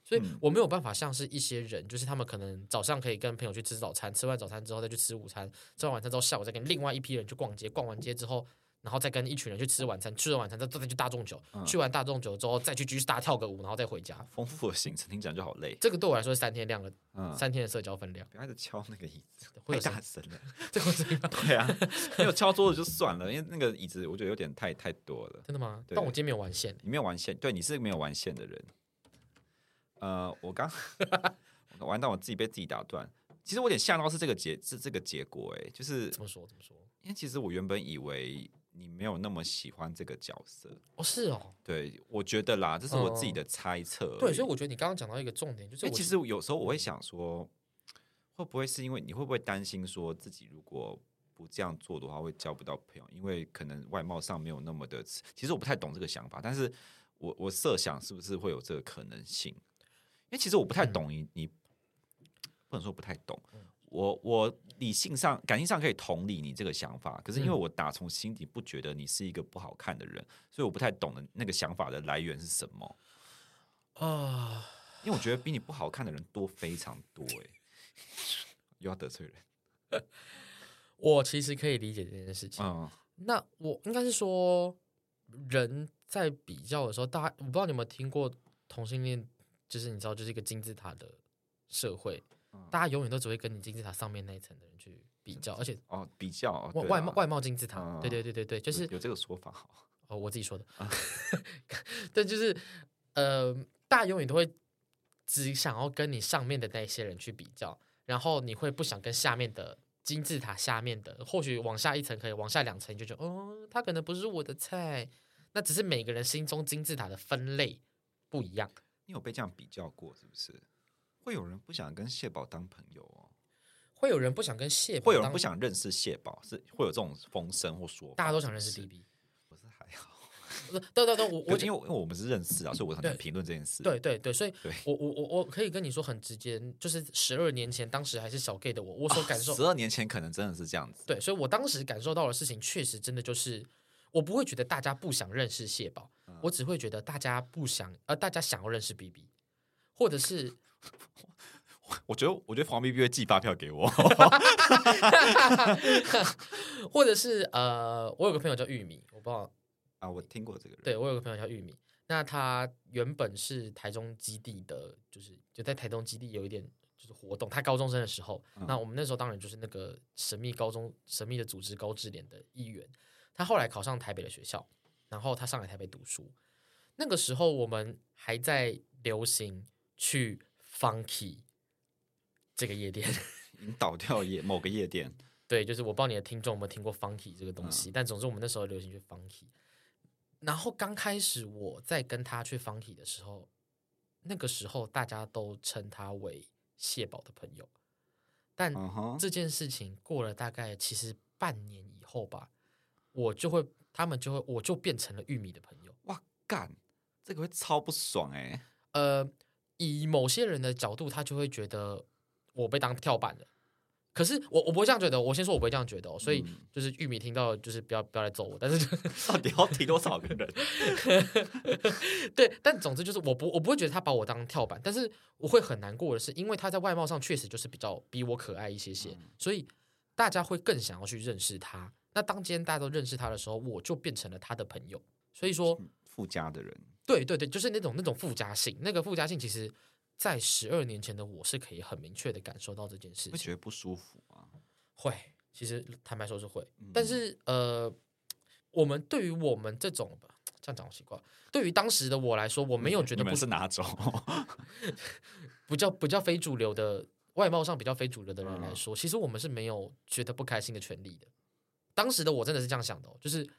[SPEAKER 2] 所以我沒有辦法像是一些人，就是他們可能早上可以跟朋友去吃早餐，吃完早餐之後再去吃午餐，吃完晚餐之後下午再跟另外一批人去逛街，逛完街之後，然後再跟一群人去吃晚餐，吃了晚餐再再去大眾酒，去完大眾酒之後再去爵士大跳個舞，然後再回家。豐
[SPEAKER 1] 富的行程聽起來就好累。這個對我來說
[SPEAKER 2] 是三天量了，三天的社交分量。別一直敲那個椅子，會打神的。這
[SPEAKER 1] 個對啊，沒有敲桌子就算了，因為那個椅子我覺得有點太太多了。真的嗎？但我今天沒有玩線。你沒有玩線，對你是沒有玩線的人。呃，我剛玩到 (laughs) 我，我自己被自己打斷。其實我有點嚇到，是這個結，是這個結果哎、欸，就是怎麼說怎麼說？麼說，因為其實我原本以為你沒有那麼喜歡這個角色。哦，是哦，對，我覺得啦，這是我自己的猜測、嗯。對，所以我
[SPEAKER 2] 覺得你剛剛講到一個重點，就是我、欸、其實有時候我會想
[SPEAKER 1] 說，嗯、會不會是因為你會不會擔心說自己如果不這樣做的話，會交不到朋友？因為可能外貌上沒有那麼的，其實我不太懂這個想法，但是我我設想是不是會有這個可能性？因為其實我不太懂你，嗯、你不能說不太懂。嗯、我我理性上、感性上可以同理你這個想法，可是因為我打從心底不覺得你是一個不好看的人，嗯、所以我不太懂的那個想法的來源是什麼？
[SPEAKER 2] 啊、
[SPEAKER 1] 呃，因為我覺得比你不好看的人多非常多、欸，誒， (laughs) 又要得罪人。
[SPEAKER 2] 我其實可以理解這件事情。嗯，那我應該是說，人在比較的時候，大家我不知道你有沒有聽過同性戀。就是你知道，就是一個金字塔的社會，大家永遠都只會跟你金字塔上面那一層的人去比較，而且哦，比較外外貌外貌金字塔，對對對對對，就是有這個說法好，哦，我自己說的，但就是呃，大家永遠都會只想要跟你上面的那些人去比較，然後你會不想跟下面的金字塔下面的，或許往下一層可以，往下兩層就覺得哦，他可能不是我的菜，那只是每個人心中金字塔的分類不一樣。你有被這樣比較
[SPEAKER 1] 過是不是？會有人不想跟蟹堡當朋友哦、喔？
[SPEAKER 2] 會有人不想跟蟹會有人不想
[SPEAKER 1] 認識蟹堡？是會有這種風聲或說是是、嗯？大家都想認識 DB，
[SPEAKER 2] 不是還好？ (laughs) 都都都，我我因
[SPEAKER 1] 為因為我們是認識啊，對所以我才評論這件事。對
[SPEAKER 2] 對對，所以我，我我我我可以跟你說很直接，就是十二年前，當時還是小 gay 的我，我所感受。哦、十二年前可能真的是這樣子。對，所以我當時感受到的事情，確實真的就是。我不會覺得大家不想認識蟹堡，嗯、我只會覺得大家不想，呃，大家想要認識 BB，或者是，
[SPEAKER 1] 我覺得，我覺得黃 BB 會寄發票給我， (laughs)
[SPEAKER 2] 或者是呃，我有個朋友叫玉米，我不知道啊，我聽過這個人，對我有個朋友叫玉米，那他原本是台中基地的，就是就在台中基地有一點就是活動，他高中生的時候，嗯、那我們那時候當然就是那個神秘高中神秘的組織高制聯的一員。他後來考上台北的學校，然後他上來台北讀書。那個時候我們還在流行去 Funky 這個夜店，你倒
[SPEAKER 1] 掉夜，某個夜店。
[SPEAKER 2] 對，就是我不知道你的聽眾有沒有聽過 Funky 這個東西，嗯、但總之我們那時候流行去 Funky。然後剛開始我在跟他去 Funky 的時候，那個時候大家都稱他為蟹堡的朋友。但這件事情過了大概其實半年以後吧。我就會，他們就會，我就變成了玉米的朋友。哇，幹，這個會超不爽哎、欸。呃，以某些人的角度，他就會覺得我被當跳板了。可是我，我不會這樣覺得。我先說，我不會這樣覺得、哦。所以就是玉米聽到，就是不要不要來揍我。但是到底要提多少個人？ (laughs) 對，但總之就是，我不我不會覺得他把我當跳板。但是我會很難過的是，因為他在外貌上確實就是比較比我可愛一些些，嗯、所以大家會更想要去認識他。那當今天大家都認識他的時候，我就變成了他的朋友。所以說，附加的人，對對對，就是那種那種附加性，那個附加性，其實，在十二年前的我是可以很明確的感受到這件事情，會覺得不舒服啊。會，其實坦白說是會，嗯、但是呃，我們對於我們這種這樣講我習慣，對於當時的我來說，我沒有覺得不。不、嗯、你們是哪種？不叫不叫非主流的外貌上比較非主流的人來說，嗯、其實我們是沒有覺得不開心的權利的。當時的我真的是這樣想的。喔，就是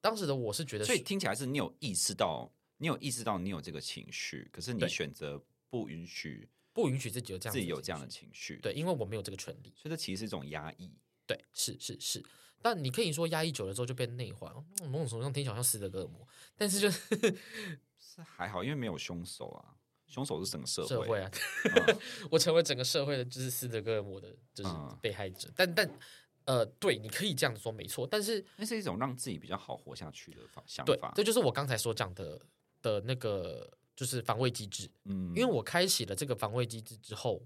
[SPEAKER 2] 當時的我是覺得是，所以
[SPEAKER 1] 聽起來是你有意識到，你有意識到你有這個情緒，可是你選擇不
[SPEAKER 2] 允許，不允許自己有這樣自己有這樣的情緒，對，因為我沒有這個權利，所以這其實是一種壓抑，對，是是是，但你可以說壓抑久了之後就變內化，某種程度上聽起來好像斯德哥爾摩，但是就是， (laughs) 是還好，因
[SPEAKER 1] 為沒有凶手啊，凶手是整個社會社會啊，嗯、
[SPEAKER 2] (laughs) 我成為整個社會的就是斯德哥爾摩的，就是被害者，但、嗯、但。但呃，對，你可以這樣說，沒錯。但是那是一種讓自己比較好活下去的方向，對吧？這就是我剛才所講的的那個，就是防衛機制。嗯，因為我開啟了這個防衛機制之後，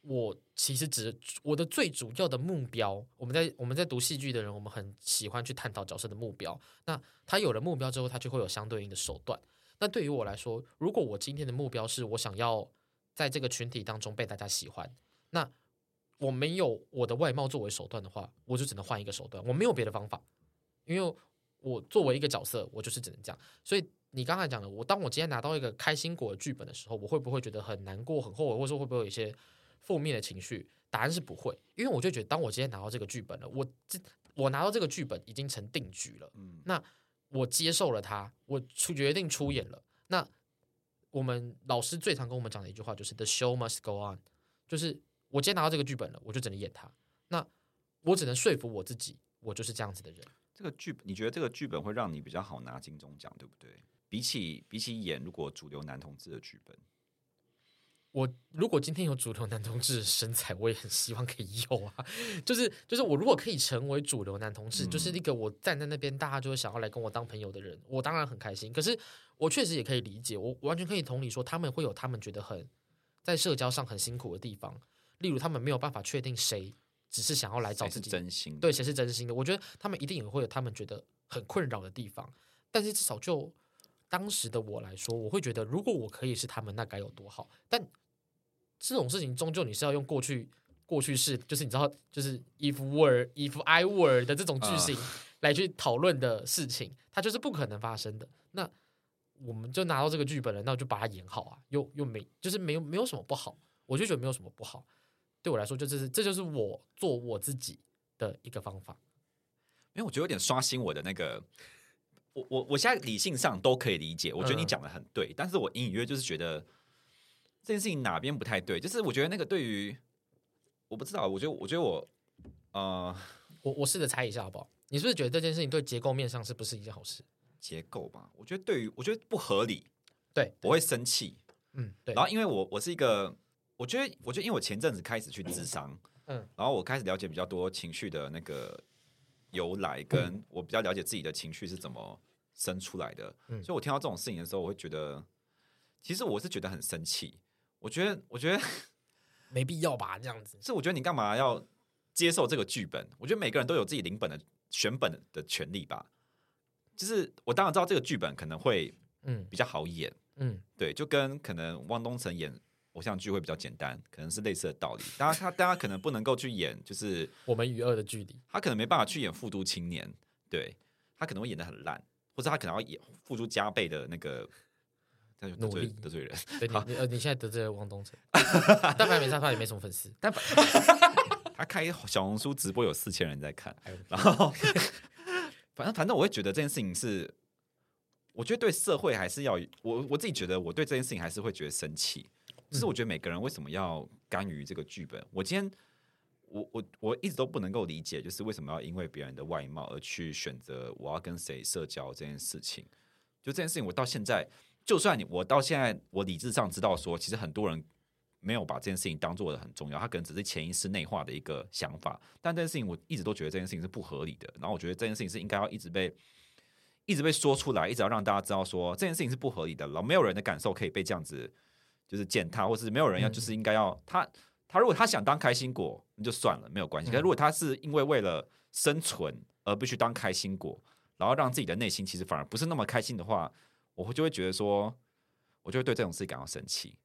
[SPEAKER 2] 我其實指我的最主要的目標，我們在我們在讀戲劇的人，我們很喜歡去探討角色的目標。那他有了目標之後，他就會有相對應的手段。那對於我來說，如果我今天的目標是我想要在這個群體當中被大家喜歡，那。我沒有我的外貌作為手段的話，我就只能換一個手段。我沒有別的方法，因為我作為一個角色，我就是只能這樣。所以你剛才講的，我當我今天拿到一個開心果的劇本的時候，我會不會覺得很難過、很後悔，或者說會不會有一些負面的情緒？答案是不會，因為我就覺得當我今天拿到這個劇本了，我這我拿到這個劇本已經成定局了。嗯，那我接受了它，我出決定出演了。嗯，那我們老師最常跟我們講的一句話就是：“The show must go on。”就是我今天拿到這個劇本了，我就只能演他。那我只能說服我自己，我就是這樣子的人。
[SPEAKER 1] 這個劇本，你覺得這個劇本會讓你比較好拿金鐘獎，對不對？比起比起演如果主流男同志的劇本，
[SPEAKER 2] 我如果今天有主流男同志的身材，我也很希望可以有啊。就是就是，我如果可以成為主流男同志，嗯、就是那個我站在那邊，大家就會、是、想要來跟我當朋友的人，我當然很開心。可是我確實也可以理解，我完全可以同理說，他們會有他們覺得很在社交上很辛苦的地方。例如，他們沒有辦法確定誰只是想要來找自己真心。對，誰是真心的。我覺得他們一定也會有他們覺得很困擾的地方。但是至少就當時的我來說，我會覺得如果我可以是他們，那該有多好。但這種事情終究你是要用過去過去式，就是你知道，就是 if were if I were 的這種句型來去討論的事情，uh. 它就是不可能發生的。那我們就拿到這個劇本了，那我就把它演好啊，又又沒，就是沒有沒有什麼不好，我就覺得沒有什麼不好。對我來說，就是這就是我做我自己的一個方法。因
[SPEAKER 1] 為我覺得有點刷新我的那個，我我我現在理性上都可以理解。我覺得你講的很對，嗯、但是我隱隱約約就是覺得這件事情哪邊不太對。就是我覺得那個對於，我不知道，我覺得我覺得我，
[SPEAKER 2] 呃，我我試着猜一下好不好？你是不是覺得這件事情對結構面上是不是一件好事？
[SPEAKER 1] 結構吧，我覺得對於我覺得不合理，對，對我會生氣，嗯，對。然後因為我我是一個。我覺得，我覺得，因為我前陣子開始去諮商，嗯，然後我開始了解比較多情緒的那個由來，跟我比較了解自己的情緒是怎麼生出來的，嗯，所以我聽到這種事情的時候，我會覺得，其實我是覺得很生氣。我覺得，我覺得沒必要吧，這樣子。是，我覺得你幹嘛要接受這個劇本？我覺得每個人都有自己領本的選本的權利吧。就是我當然知道這個劇本可能會，嗯，比較好演，嗯，嗯對，就跟可能汪東城演。偶像劇會比較簡單，可能是類似的道理。當然，他大家可能不能夠去演，就是我們與惡的距離，他可能沒辦法去演富都青年。對他可能會演得很爛，或者他可能要演付出加倍的那個得罪努力得罪人。呃
[SPEAKER 2] 對好，你現在得罪了汪東城。 (laughs) 但反正沒啥，反正也沒什麼粉絲。但
[SPEAKER 1] (laughs) 他開小紅書直播有四千人在看，然後 (laughs) 反正反正，我會覺得這件事情是，我覺得對社會還是要，我我自己覺得我對這件事情還是會覺得生氣。就是我覺得每個人為什麼要甘於這個劇本？我今天，我我我一直都不能夠理解，就是為什麼要因為別人的外貌而去選擇我要跟誰社交這件事情？就這件事情，我到現在，就算你我到現在，我理智上知道說，其實很多人沒有把這件事情當做的很重要，他可能只是潛意識內化的一個想法。但這件事情，我一直都覺得這件事情是不合理的。然後我覺得這件事情是應該要一直被一直被說出來，一直要讓大家知道說這件事情是不合理的。然後沒有人的感受可以被這樣子。就是見他，或是沒有人要，就是應該要、嗯、他。他如果他想當開心果，那就算了，沒有關係。但、嗯、如果他是因為為了生存而必須當開心果，然後讓自己的內心其實反而不是那麼開心的話，我會就會覺得說，我就會對這種事情感到生氣。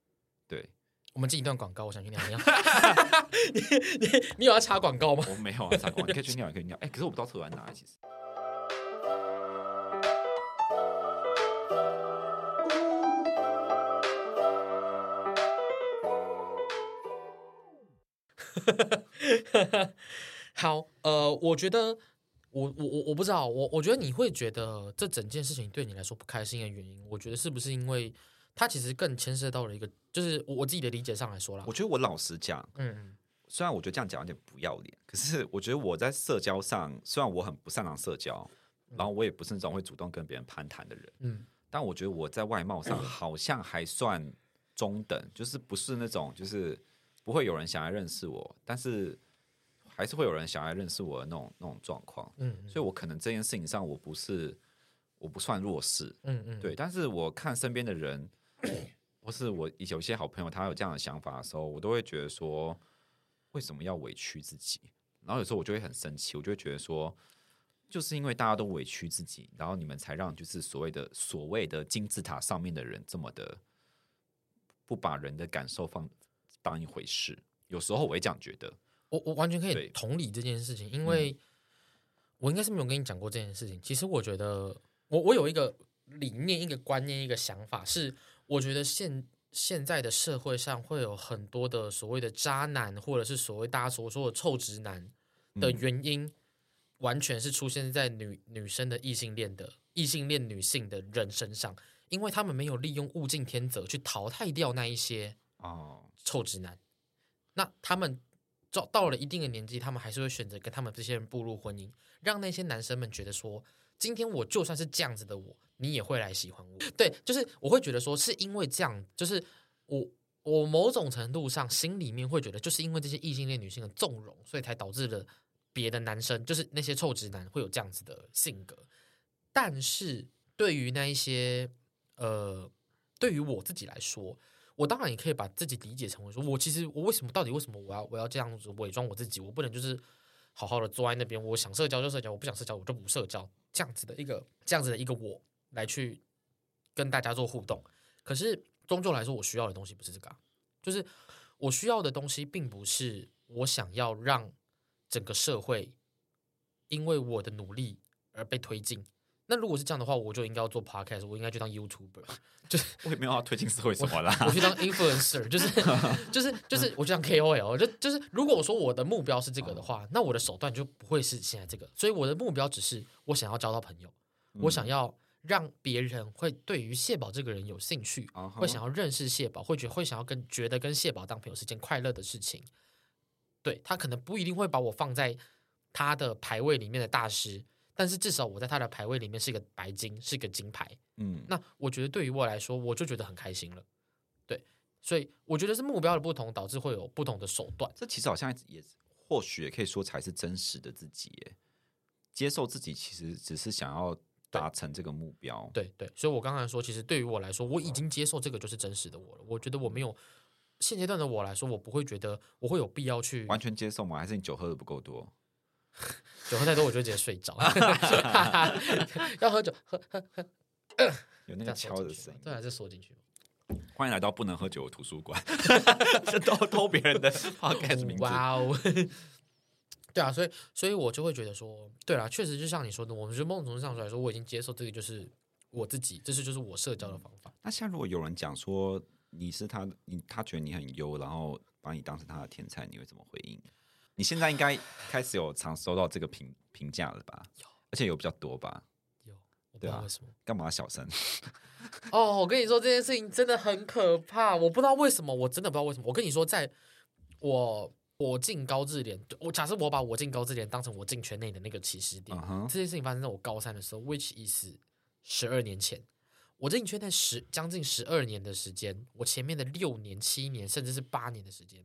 [SPEAKER 1] 對，
[SPEAKER 2] 我們進一段廣告，我想去尿尿。 (laughs) (laughs) (laughs) 你
[SPEAKER 1] 你你有要插廣告嗎？ (laughs) 我沒有啊，插廣告你可以去尿，你可以尿。哎、 (laughs) 欸，可是我不知道廁所在哪裡，其實。
[SPEAKER 2] 哈哈哈， (laughs) 好，呃，我覺得，我我我我不知道，我我覺得你會覺得這整件事情對你來說不開心的原因，我覺得是不是因為它其實更牽涉到了一個，就是我自己的理解上來說啦。我
[SPEAKER 1] 覺得我老實講，嗯
[SPEAKER 2] 嗯，
[SPEAKER 1] 雖然我覺得這樣講有點不要臉，可是我覺得我在社交上，雖然我很不擅長社交，然後我也不是那種會主動跟別人攀談的人，嗯，但我覺得我在外貌上好像還算中等，嗯、就是不是那種就是。不會有人想來認識我，但是還是會有人想來認識我的那種那種狀況。嗯，嗯，所以我可能這件事情上，我不是我不算弱勢。嗯嗯，嗯對。但是我看身邊的人，或、嗯、是我有些好朋友，他有這樣的想法的時候，我都會覺得說，為什麼要委屈自己？然後有時候我就會很生氣，我就會覺得說，就是因為大家都委屈自己，然後你們才讓就是所謂的所謂的金字塔上面的人這麼的不把人的感受放。當一回事，有時候我會這樣覺得。
[SPEAKER 2] 我我完全可以同理這件事情，對因為我應該是沒有跟你講過這件事情。嗯、其實我覺得我，我我有一個理念、一個觀念、一個想法，是我覺得現現在的社會上會有很多的所謂的渣男，或者是所謂大家所說的臭直男的原因，完全是出現在女女生的異性戀的異性戀女性的人身上，因為他們沒有利用物競天擇去淘汰掉那一些。哦，臭直男。那他們到到了一定的年紀，他們還是會選擇跟他們這些人步入婚姻，讓那些男生們覺得說，今天我就算是這樣子的我，你也會來喜歡我。對，就是我會覺得說，是因為這樣，就是我我某種程度上心裡面會覺得，就是因為這些異性戀女性的縱容，所以才導致了別的男生，就是那些臭直男會有這樣子的性格。但是對於那一些呃，對於我自己來說，我當然也可以把自己理解成為說，我其實我為什麼到底為什麼我要我要這樣子偽裝我自己？我不能就是好好的坐在那邊，我想社交就社交，我不想社交我就不社交，這樣子的一個這樣子的一個我來去跟大家做互動。可是終究來說，我需要的東西不是這個，就是我需要的東西並不是我想要讓整個社會因為我的努力而被推進。那如果是這樣的話，我就應該要做 podcast，我應該去當 YouTuber，就是
[SPEAKER 1] 我也沒有要推進社會什麼啦。我去當
[SPEAKER 2] influencer，就是就是就是，我就當 KOL。就就是，如果我說我的目標是這個的話，嗯、那我的手段就不會是現在這個。所以我的目標只是我想要交到朋友，嗯、我想要讓別人會對於蟹堡這個人有興趣，會、嗯、想要認識蟹堡，會覺會想要跟覺得跟蟹堡當朋友是一件快樂的事情。對，他可能不一定會把我放在他的排位裡面的大師。但是至少我在他的排位裡面是一個白金，是一個金牌。嗯，那我覺得對於我來說，我就覺得很開心了。對，所以我覺得是目標的不同，導致會有不同的手段。這其實好像
[SPEAKER 1] 也或許也可以說才是真實的自己。接受自己其實只是想要達成這個目標。對
[SPEAKER 2] 對，對，所以我剛才說，其實對於我來說，我已經接受這個就是真實的我了。我覺得我沒有現階段的我來說，我不會覺得我會有必要去完全接受嗎？還是你酒喝的不夠多？酒喝 (laughs) 太多，我就直接睡着。 (laughs) (laughs) (laughs) 要喝酒，
[SPEAKER 1] 喝喝喝，有那個敲的聲音， (laughs) 對，還就縮進去。歡迎來到不能喝酒的圖書館。這都偷別人的好 o a s t 名字 Wow。哇
[SPEAKER 2] 哦，對啊，所以，所以我就會覺得說對啦，對啊，確實就像你說的，我們從某種程度上來說，我已經接受這個就是
[SPEAKER 1] 我自己，這是就是我社交的方法。那現在如果有人講說你是他，你他覺得你很優，然後把你當成他的天才，你會怎麼回應？你現在應該開始有常收到這個評評價了吧？有，而且有比較多吧？有，我不知道對啊。為什麼？幹嘛小聲？
[SPEAKER 2] 哦，oh, 我跟你說這件事情真的很可怕。我不知道為什麼，我真的不知道為什麼。我跟你說，在我我進高制聯，我假設我把我進高制聯當成我進圈內的那個起始點。Uh huh. 這件事情發生在我高三的時候，which is 十二年前。我進圈內十將近十二年的時間，我前面的六年、七年，甚至是八年的時間。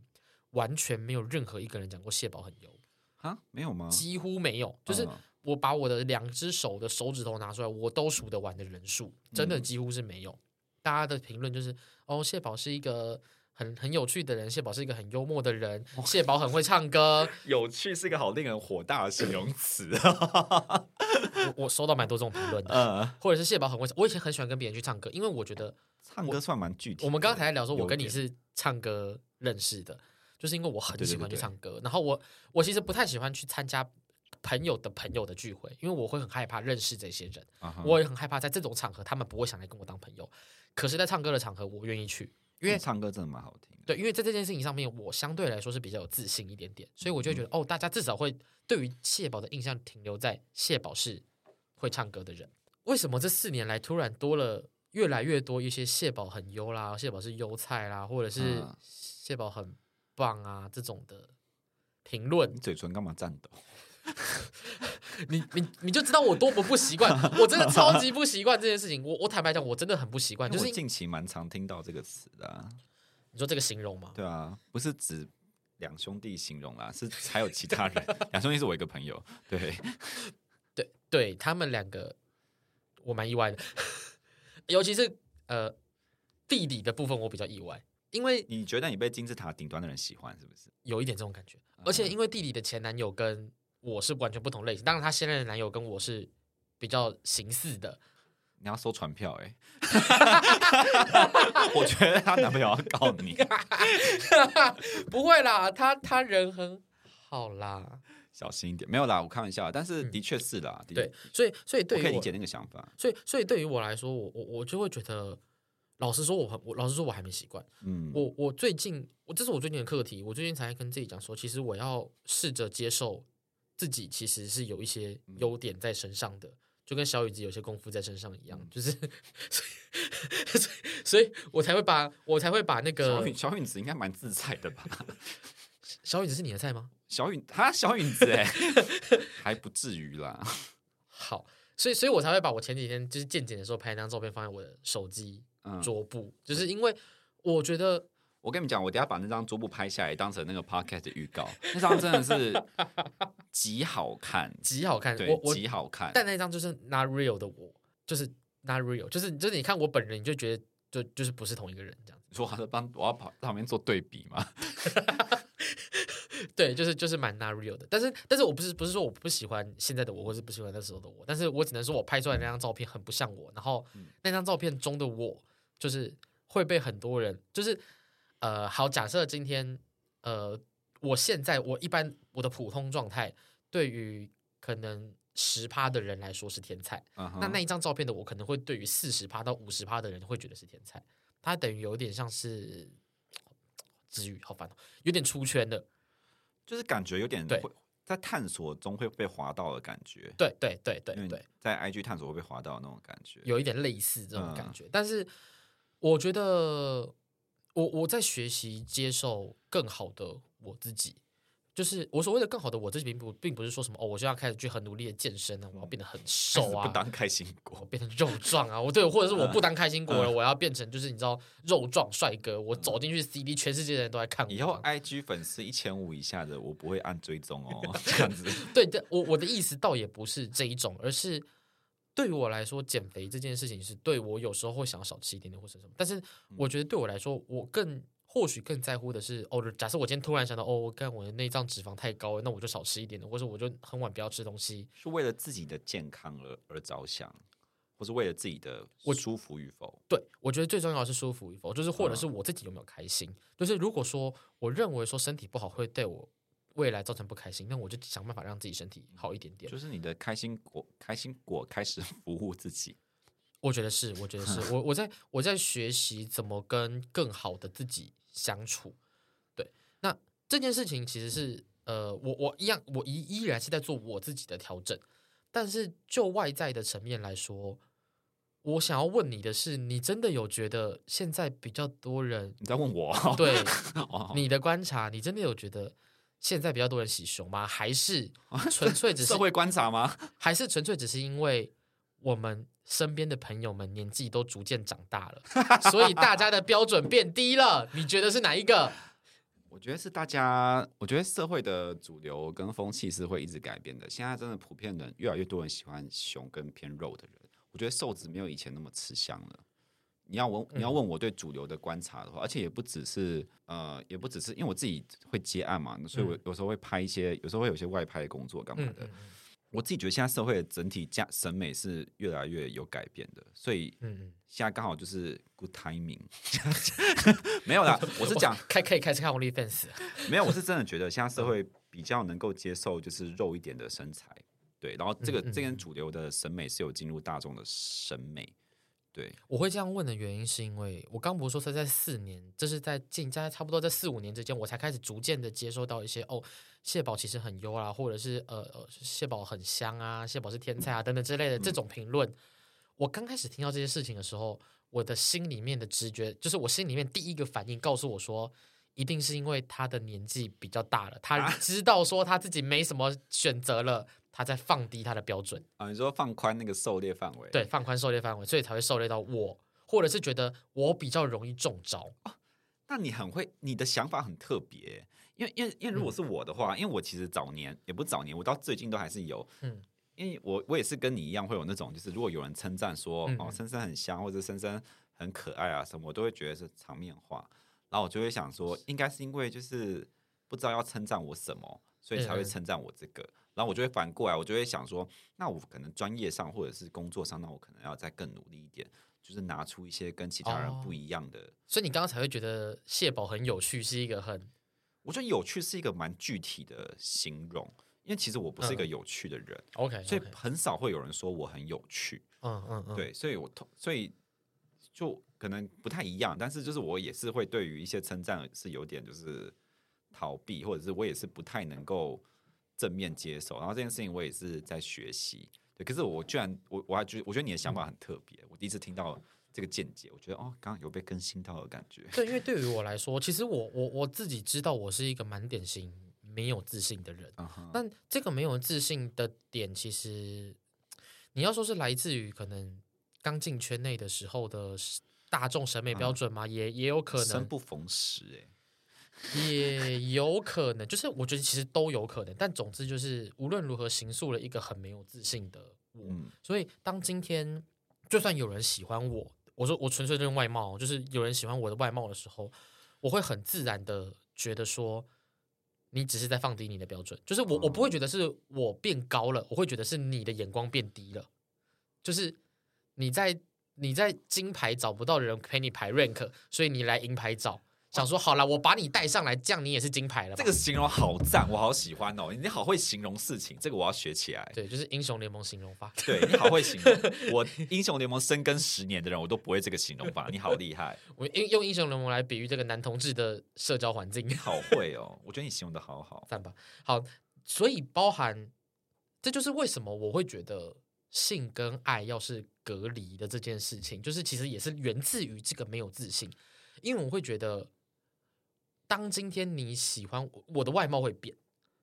[SPEAKER 2] 完全沒有任何一個人講過蟹堡很油啊。沒有嗎？幾乎沒有，就是我把我的兩隻手的手指頭拿出來，我都數得完的人數，真的幾乎是沒有。嗯、大家的評論就是：哦，蟹堡是一個很很有趣的人，蟹堡是一個很幽默的人，塞蟹堡很會唱歌。有趣是一個好令人火大的形容詞。我我收到蠻多這種評論的，嗯、或者是蟹堡很會，我以前很喜歡跟別人去唱歌，因為我覺得我唱歌算蠻具體我。我們剛才聊說，點我跟你是唱歌認識的。就是因為我很喜歡去唱歌，對對對對然後我我其實不太喜歡去參加朋友的朋友的聚會，因為我會很害怕認識這些人，uh huh、我也很害怕在這種場合他們不會想來跟我當朋友。可是，在唱歌的場合，我願意去，因為唱歌真的蠻好聽。對，因為在這件事情上面，我相對來說是比較有自信一點點，所以我就會覺得，嗯、哦，大家至少會對於蟹堡的印象停留在蟹堡是會唱歌的人。為什麼這四年來突然多了越來越多一些蟹堡很優啦，蟹堡是優菜啦，或者是蟹堡很。棒啊！這種的評論，你嘴唇幹嘛顫抖？ (laughs) 你你你就知道我多麼不習慣， (laughs) 我真的超級不習慣這件事情。我我坦白講，我真的很不習慣。就是近
[SPEAKER 1] 期蠻常聽到這個詞的、啊你。你說這個形容嗎？對啊，不是指兩兄弟形容啦，是還有其他人。兩 (laughs) 兄弟是我一個
[SPEAKER 2] 朋友，對 (laughs) 對對，他們兩個我蠻意外的， (laughs) 尤其是呃弟弟的部分，我比較意外。因為你覺得你被金字塔頂端的人喜歡，是不是？有一點這種感覺，而且因為弟弟的前男友跟我是完全不同類型，當然他現任男友跟我是比較形似的。你要收傳票哎！我覺得他男朋友要告你， (laughs) (laughs) 不會啦，他他人很
[SPEAKER 1] 好啦。小心一點，沒有啦，我開玩笑，但是的確是啦，嗯、的確、對，
[SPEAKER 2] 所以所以對於我可以理解那個想法，所以所以對於我來說，我我我就會覺得。老實說，我很我老實說，我還沒習慣。嗯、我我最近，我這是我最近的課題。我最近才跟自己講說，其實我要試着接受自己，其實是有一些優點在身上的，嗯、就跟小雨子有些功夫在身上一樣。嗯、就是，所以，所以我才會把，我才會把那個小雨子應該蠻自在的吧？小雨子是你的菜嗎？小雨，他小雨子哎、欸， (laughs) 還不至於啦。好，所以，所以我才會把我前幾天就是健檢的時候拍一張照片放在我的手機桌布，嗯、就是因為我覺得，我跟你們講，
[SPEAKER 1] 我等下把那張桌布拍下來，當成那個 podcast 的預告。 (laughs) 那張真的是極
[SPEAKER 2] 好看，極好看，對我我極好看。但那張就是 not real 的我，就是 not real，就是就是你看我本人，你就覺得就就是不是同一個人這樣子。說好是幫我要跑旁邊做對比嘛。 (laughs) 對，就是就是蠻 not real 的，但是但是我不是不是說我不喜歡現在的我，或是不喜歡那時候的我，但是我只能說我拍出來那張照片很不像我，然後那張照片中的我。嗯就是會被很多人，就是呃，好，假設今天呃，我現在我一般我的普通狀態，對於可能十趴的人來說是天菜，uh huh. 那那一張照片的我可能會對於四十趴到五十趴的人會覺得是天菜，他等於有點像是至語好煩有點出圈的，
[SPEAKER 1] 就是感覺有點
[SPEAKER 2] 在探索
[SPEAKER 1] 中會被滑到的感覺，對對對對對，對對對對在 IG 探索會被滑到的那種感覺，對有一點類
[SPEAKER 2] 似這種感覺，嗯、但是。我覺得我，我我在學習接受更好的我自己，就是我所謂的更好的我自己，並不並不是說什麼哦，我就要開始去很努力的健身、啊、我要變得很瘦啊，不當開心果，我變成肉壯啊，我對，或者是我不當開心果了，嗯嗯、我要變成就是你知道肉壯帥哥，我走進去 C D 全世界的人都在看我。我。以後 I G 粉絲一千五以下的，我不會按追蹤哦， (laughs) 這樣子。對對，我我的意思倒也不是這一種，而是。對於我來說，減肥這件事情是對我有時候會想要少吃一點點或者是什麼，但是我覺得對我來說，我更或許更在乎的是哦，假設我今天突然想到哦，我看我的內臟脂肪太高了，那我就少吃一點或者我就很晚不要吃東西，
[SPEAKER 1] 是為了自己的健康而而着想，或是為了自己的不舒服與否。
[SPEAKER 2] 對，我覺得最重要的是舒服與否，就是或者是我自己有沒有開心。就是如果說我認為說身體不好會對我。未來造成不開心，那我就想辦法讓自己身體好一點點。就是
[SPEAKER 1] 你的開心果，開心果開始服務自己。
[SPEAKER 2] 我覺得是，我覺得是我，我在我在學習怎麼跟更好的自己相處。對，那這件事情其實是呃，我我一樣，我依依然是在做我自己的調整。但是就外在的層面來說，我想要問你的是，你真的有覺得現在比較多人？你在問我哦？對， (laughs) 你的觀察，你真的有覺得？現在比較多人喜熊嗎？還是純粹只是社會觀察嗎？還是純粹只是因為我們身邊的朋友們年紀都逐漸長大了，所以大家的標準變低了？你覺得是哪一個？
[SPEAKER 1] 我覺得是大家，我覺得社會的主流跟風氣是會一直改變的。現在真的普遍的人越來越多人喜歡熊跟偏肉的人，我覺得瘦子沒有以前那麼吃香了。你要問你要問我對主流的觀察的話，嗯、而且也不只是呃，也不只是因為我自己會接案嘛，所以我有時候會拍一些，嗯、有時候會有一些外拍工作幹嘛的。嗯嗯，我自己覺得現在社會的整體價審美是越來越有改變的，所以現在剛好就是 good timing。 (laughs) 沒有啦，我是講開
[SPEAKER 2] 可以開，開始看 OnlyFans。
[SPEAKER 1] (laughs) 沒有，我是真的覺得現在社會比較能夠接受就是肉一點的身材，對，然後這個嗯嗯嗯，這跟主流的審美是有進入大眾的審美。
[SPEAKER 2] 對，我會這樣問的原因是因為我剛不是說他在四年，就是在近，大概差不多在四五年之間，我才開始逐漸的接收到一些哦，蟹堡其實很優啦、啊，或者是呃，蟹堡很香啊，蟹堡是天菜啊等等之類的這種評論。我剛開始聽到這些事情的時候，我的心裡面的直覺，就是我心裡面第一個反應告訴我說，一定是因為他的年紀比較大了，他知道說他自己沒什麼選擇了。他在放低他的標準
[SPEAKER 1] 啊？你說放寬那個狩獵範圍？
[SPEAKER 2] 對，放寬狩獵範圍，所以才會狩獵到我，或者是覺得我比較容易中招。哦、那你很會，你的
[SPEAKER 1] 想法很特別。因為，因為，因為，如果是我的話，嗯、因為我其實早年也不早年，我到最近都還是有，嗯，因為我我也是跟你一樣會有那種，就是如果有人稱讚說、嗯、哦，深深很香，或者深深很可愛啊什麼，我都會覺得是場面話，然後我就會想說，應該是因為就是不知道要稱讚我什麼，所以才會稱讚我這個。嗯嗯然後我就會反過來，我就會想說，那我可能專業上或者是工作上，那我可能要再更努力一點，就是拿出一些跟其他人不一樣的。
[SPEAKER 2] 哦、所以你剛剛才會覺得蟹堡很有趣，是一個很……
[SPEAKER 1] 我覺得有趣是一個蠻具體的形容，因為其實我不是一個有趣的人。嗯、OK，okay. 所以很少會有人說我很有趣。嗯嗯，嗯
[SPEAKER 2] 嗯對，
[SPEAKER 1] 所以我所以就可能不太一樣，但是就是我也是會對於一些稱讚是有點就是逃避，或者是我也是不太能夠。正面接受，然後這件事情我也是在學習，對，可是我居然我我還覺我覺得你的想法很特別，我第一次聽到這個見解，我覺得哦，剛剛有被更新到的感覺。
[SPEAKER 2] 對，因為對於我來說，其實我我我自己知道我是一個蠻典型沒有自信的人，嗯哼。但這個沒有自信的點，其實你要說是來自於可能剛進圈內的時候的大眾審美標準嗎？嗯、也也有可能。生不
[SPEAKER 1] 逢時，欸，誒。
[SPEAKER 2] 也有可能，就是我覺得其實都有可能，但總之就是無論如何，形塑了一個很沒有自信的我。所以，當今天就算有人喜歡我，我說我純粹認外貌，就是有人喜歡我的外貌的時候，我會很自然的覺得說，你只是在放低你的標準。就是我，我不會覺得是我變高了，我會覺得是你的眼光變低了。就是你在你在金牌找不到的人陪你排 rank，所以你來銀牌找。想說好啦，我把你帶上來，這樣你也是金牌了。這個
[SPEAKER 1] 形容好讚，我好喜歡哦、喔！你好會形容事情，這個我要
[SPEAKER 2] 學起來。對，就是英雄聯盟形容法。對，你好會形
[SPEAKER 1] 容。 (laughs) 我英雄聯盟深耕十年的人，我都不會這個形容法。你好厲害！
[SPEAKER 2] 我用用英雄聯盟來比喻這個男同志的社交環境，你好會哦、喔！我覺得你形容的好好讚 (laughs) 吧。好，所以包含，這就是為什麼我會覺得性跟愛要是隔離的這件事情，就是其實也是源自於這個沒有自信，因為我會覺得。當今天你喜歡我的外貌會變，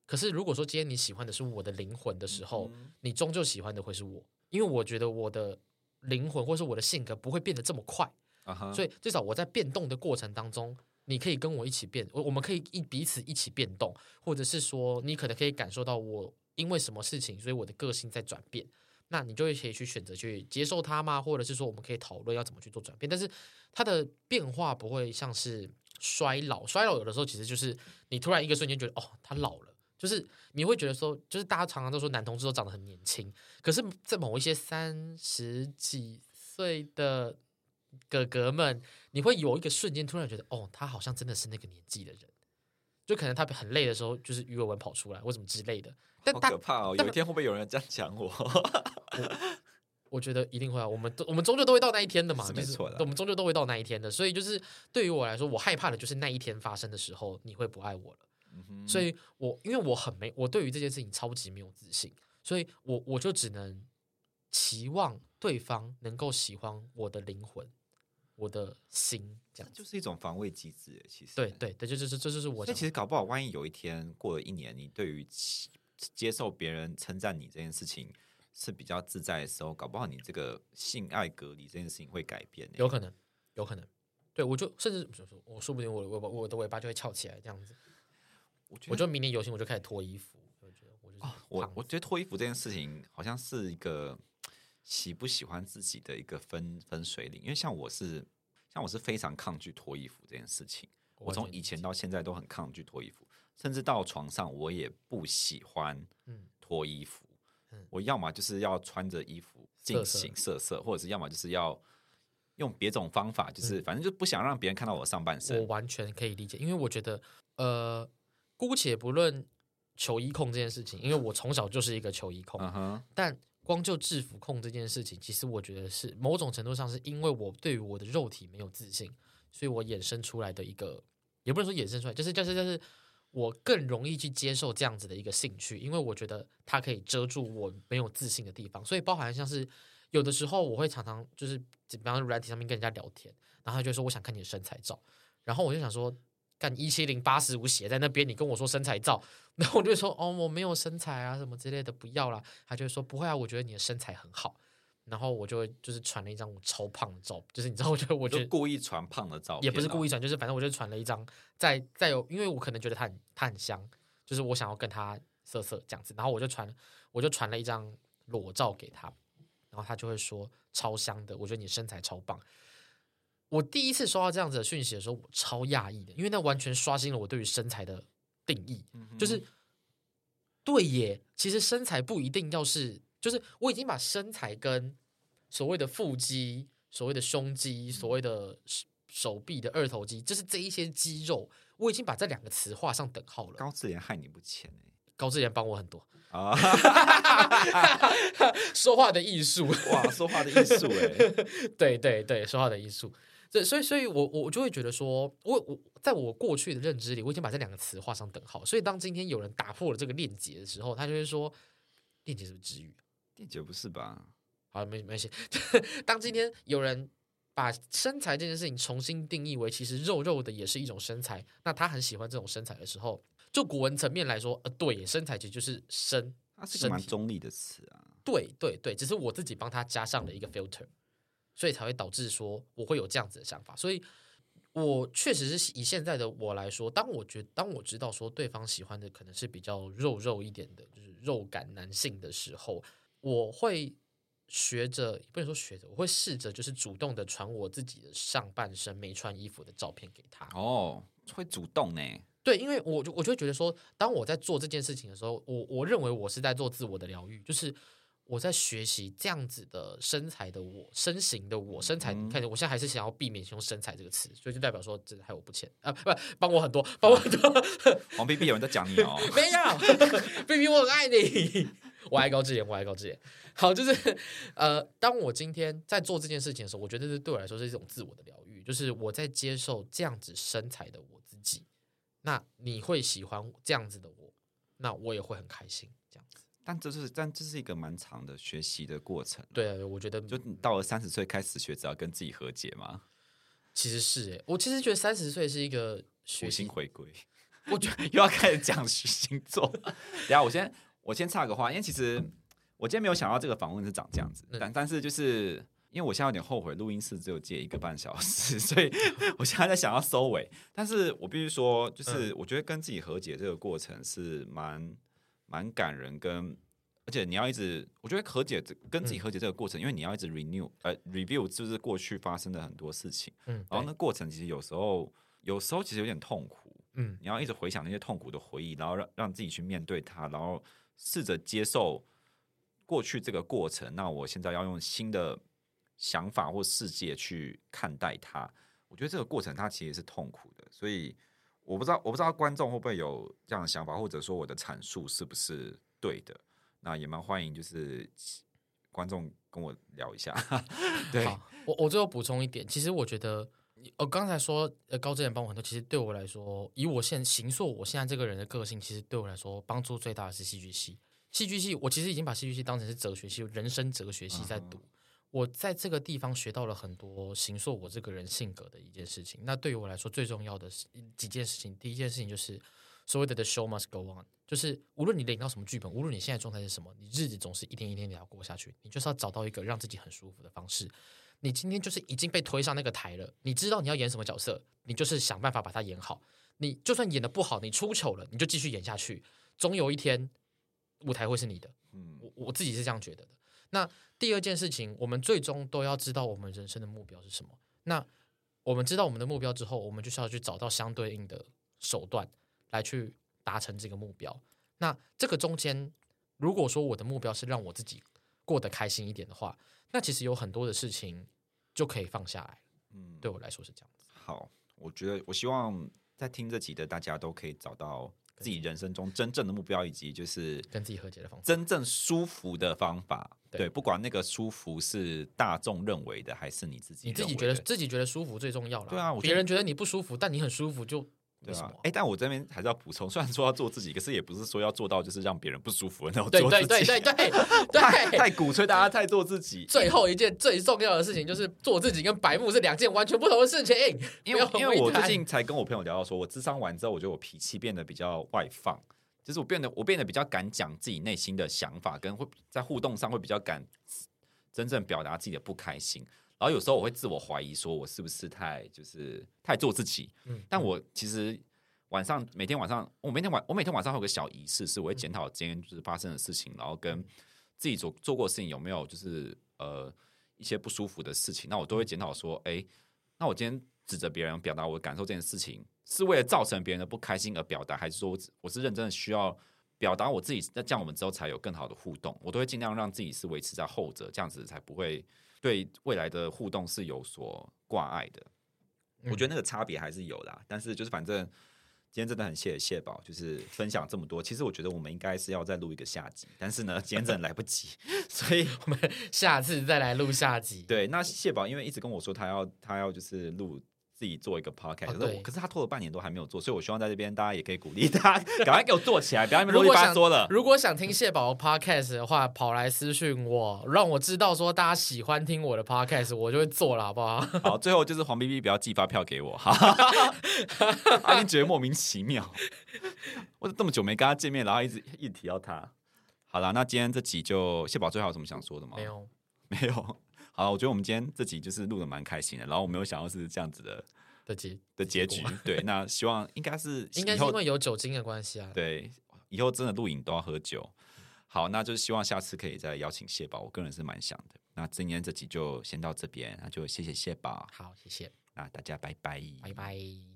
[SPEAKER 2] 可是如果說今天你喜歡的是我的靈魂的時候，嗯、你終究喜歡的會是我，因為我覺得我的靈魂或是我的性格不會變得這麼快、啊、哈所以至少我在變動的過程當中，你可以跟我一起變，我們可以一彼此一起變動，或者是說你可能可以感受到我因為什麼事情，所以我的個性在轉變，那你就可以去選擇去接受它嘛，或者是說我們可以討論要怎麼去做轉變，但是它的變化不會像是。衰老，衰老有的時候其實就是你突然一個瞬間覺得哦，他老了，就是你會覺得說，就是大家常常都說男同志都長得很年輕，可是，在某一些三十幾歲的哥哥們，你會有一個瞬間突然覺得哦，他好像真的是那個年紀的人，就可能他很累的時候，就是魚尾紋跑出來或什麼之類的，但可怕哦，但有一天會不會有人這樣講我？ (laughs) 我覺得一定會啊，我們都我們終究都會到那一天的嘛，是沒錯，就是我們終究都會到那一天的，所以就是對於我來說，我害怕的就是那一天發生的時候，你會不愛我了。嗯哼。所以我，我因為我很沒，我對於這件事情超級沒有自信，所以我我就只能期望對方能夠喜歡我的靈魂，我的心，這樣
[SPEAKER 1] 子。這就是一種防衛機制。其
[SPEAKER 2] 實，對對，這
[SPEAKER 1] 就是這就是我。那其實搞不好，萬一有一天過了一年，你對於其接受別人稱讚你這件事情。是比較自在的時候，搞不好你這個性愛隔離這件事情
[SPEAKER 2] 會改變欸，有可能，有可能。對，我就甚至我說不定我我我的尾巴就會翹起來這樣子。我覺得我就明年遊行我就開始脫衣服，我我、哦、我、我覺得
[SPEAKER 1] 脫衣服這件事情好像是一個喜不喜歡自己的一個分分水嶺，因為像我是像我是非常抗拒脫衣服這件事情，我從以前到現在都很抗拒脫衣服，甚至到床上我也不喜歡脫衣服。嗯我要麼就是要穿着衣服進行色色、色色或者是要麼就是要用別種方法，嗯、就是反正就不想讓別人看到我上半身。我完全可以理解，因為我覺
[SPEAKER 2] 得，呃，姑且不論球衣控這件事情，因為我從小就是一個球衣控。嗯、但光就制服控這件事情，其實我覺得是某種程度上是因為我對於我的肉體沒有自信，所以我衍生出來的一個，也不能說衍生出來，就是就是就是。就是我更容易去接受這樣子的一個興趣，因為我覺得它可以遮住我沒有自信的地方，所以包含像是有的時候我會常常就是，比方說軟體上面跟人家聊天，然後他就會說，我想看你的身材照，然後我就想說，看一七零八十五寫在那邊，你跟我說身材照，然後我就說，哦我沒有身材啊什麼之類的，不要啦。他就會說不會啊，我覺得你的身材很好。然後我就就是傳了一張我超胖的照，就是你知道，我覺得我就故
[SPEAKER 1] 意傳胖的照片，也不是故意傳，
[SPEAKER 2] 就是反正我就傳了一張，在在有，因為我可能覺得他很他很香，就是我想要跟他色色這樣子，然後我就傳我就傳了一張裸照給他，然後他就會說超香的，我覺得你身材超棒。我第一次收到這樣子的訊息的時候，我超訝異的，因為那完全刷新了我對於身材的定義，就是對耶，其實身材不一定要是。就是我已經把身材跟所謂的腹肌、所謂的胸肌、所謂的手臂的二頭肌，就是這一些肌肉，我已經把這兩個詞畫上等號了。高制聯害你不淺哎、欸，高制聯幫我很多啊，哦、 (laughs) 說話的藝術哇，說話的藝術哎、欸， (laughs) 對對對，說話的藝術，所以所以我我就會覺得說，我我在我過去的認知裡，我已經把這兩個詞畫上等號，所以當今天有人打破了這個鏈接的時候，他就會說，鏈接是不是治癒？第九不是吧？好，沒沒事。 (laughs) 當今天有人把身材這件事情重新定義為，其實肉肉的也是一種身材，那他很喜歡這種身材的時候，就古文層面來說，呃，對，身材其實就是身，啊、是個蠻中
[SPEAKER 1] 立的詞啊。
[SPEAKER 2] 對對對，只是我自己幫他加上了一個 filter，所以才會導致說我會有這樣子的想法。所以我確實是以現在的我來說，當我覺當我知道說對方喜歡的可能是比較肉肉一點的，就是肉感男性的時候。我會學着，不能說學着，我會試着就是主動的傳我自己的上半身沒穿衣服的照片給他。哦，會主動呢？對，因為我就我就會覺得說，當我在做這件事情的時候，我我認為我是在做自我的療癒，就是我在學習這樣子的身材的我、身形的我、身材。嗯、你看，我現在還是想要避免用身材這個詞，所以就代表說，真的害我不淺啊？不，幫我很多，幫我很多。王 BB 有人在講你哦？ (laughs) 沒有，BB 我很愛你。我愛高智妍，我愛高智妍。好，就是呃，當我今天在做這件事情的時候，我覺得這是對我來說是一種自我的療癒，就是我在接受這樣子身材的我自己。那你會喜歡這樣子的我，那我也會很開心這樣子。但
[SPEAKER 1] 這是但這是一個漫長的學習的過程啊。對，我覺得就到了三十歲開始學，只要跟自己和解嘛。其實是誒、
[SPEAKER 2] 欸，我其實覺得三十歲是一個學、
[SPEAKER 1] 學星回歸。我覺得又要開始講學星座。然 (laughs) 後我先。我先插個話，因為其實我今天沒有想到這個訪問是長這樣子，嗯、但但是就是因為我現在有點後悔，錄音室只有借一個半小時，所以我現在在想要收尾。但是我必須說，就是我覺得跟自己和解這個過程是蠻蠻感人跟，跟而且你要一直我覺得和解這跟自己和解這個過程，嗯、因為你要一直 renew，呃，review 就是過去發生的很多事情，嗯，然後那過程其實有時候有時候其實有點痛苦，嗯，你要一直回想那些痛苦的回憶，然後讓讓自己去面對它，然後。試着接受過去這個過程，那我現在要用新的想法或世界去看待它。我覺得這個過程它其實是痛苦的，所以我不知道，我不知道觀眾會不會有這樣的想法，或者說我的闡述是不是對的。那也蠻歡迎，就是觀眾跟我聊一下。 (laughs) 對，
[SPEAKER 2] 我我最後補充一點，其實我覺得。我剛才說，高制聯幫我很多。其實對我來說，以我現在形塑，我現在這個人的個性，其實對我來說幫助最大的是戲劇系。戲劇系，我其實已經把戲劇系當成是哲學系、人生哲學系在讀。Uh huh. 我在這個地方學到了很多形塑，我這個人性格的一件事情。那對於我來說，最重要的是幾件事情。第一件事情就是所謂的 “the show must go on”，就是無論你領到什麼劇本，無論你現在狀態是什麼，你日子總是一天一天你要過下去。你就是要找到一個讓自己很舒服的方式。你今天就是已經被推上那個台了，你知道你要演什麼角色，你就是想辦法把它演好。你就算演得不好，你出醜了，你就繼續演下去，總有一天舞台會是你的。嗯，我我自己是這樣覺得的。那第二件事情，我們最終都要知道我們人生的目標是什麼。那我們知道我們的目標之後，我們就需要去找到相對應的手段來去達成這個目標。那這個中間，如果說我的目標是讓我自己。過得開心一點的話，那其實有很多的事情就可以放下來了。嗯，對我來說是這樣子。
[SPEAKER 1] 好，我覺得我希望在聽這集的大家都可以找到自己人生中真正的目標，以及就是跟自己和解的方法，真正舒服的方法。對，對，不管那個舒服是大眾認為的，還是你自己，你自己覺得，
[SPEAKER 2] 自己覺得舒服最重要了。對啊，別人覺得你不舒服，但你很舒服就。哎、欸，
[SPEAKER 1] 但我這邊還是要補充，雖然說要做自己，可是也不是說要做到就是讓別人不舒服的那種做自己。對對對對對，對對 (laughs) 太，太鼓吹大家、啊、對太做自己對。最
[SPEAKER 2] 後一件最重要的事情就是做自己跟白目是兩件完全不同的事情。因為因為我最近
[SPEAKER 1] 才跟我朋友聊到說，說我諮商完之後，我覺得我脾氣變得比較外放，就是我變得我變得比較敢講自己內心的想法，跟會在互動上會比較敢真正表達自己的不開心。然後有時候我會自我懷疑，說我是不是太就是太做自己？嗯，但我其實晚上，嗯，每天晚上，我每天晚我每天晚上會有個小儀式，是我會檢討今天就是發生的事情，嗯，然後跟自己做做過的事情有沒有就是呃一些不舒服的事情。那我都會檢討說，誒，那我今天指責別人、表達我的感受這件事情，是為了造成別人的不開心而表達，還是說我是認真的需要表達我自己？那這樣我們之後才有更好的互動。我都會盡量讓自己是維持在後者，這樣子才不會。對未來的互動是有所掛礙的，我覺得那個差別還是有的。但是就是反正今天真的很謝謝蟹堡，就是分享這麼多。其實我覺得我們應該是要再錄一個下集，但是呢，今天真的來不及，
[SPEAKER 2] 所以我們下次再來錄下
[SPEAKER 1] 集。對，那蟹堡因為一直跟我說他要他要就是錄。自己做一個 podcast，可是我，啊、可是他拖了半年都還沒有做，所以我希望在這邊大家也可以鼓勵他，趕快給我做起來， (laughs) 想不要如果一巴說的。如
[SPEAKER 2] 果想聽蟹堡 podcast 的話，跑來私訊我，讓我知道說大家喜歡聽我的 podcast，我就會做了，好不好？好，
[SPEAKER 1] 最後就是黃 BB 不要寄發票給我，哈哈哈哈哈，阿覺得莫名其妙，我這麼久沒跟他見面，然後一直一直提到他，好了，那今天這集就蟹堡最後有什麼想說的嗎？
[SPEAKER 2] 沒有，
[SPEAKER 1] 沒有。好，我覺得我們今天這集就是錄得蠻開心的，然後我沒有想到是這樣子的的結的結局。對，那希望
[SPEAKER 2] 應該是應該是因為有酒精的關係啊。
[SPEAKER 1] 對，以後真的錄影都要喝酒。好，那就是希望下次可以再邀請蟹堡，我個人是蠻想的。那今天這集就先到這邊，那就謝謝蟹堡。好，謝謝。那大家拜拜，拜拜。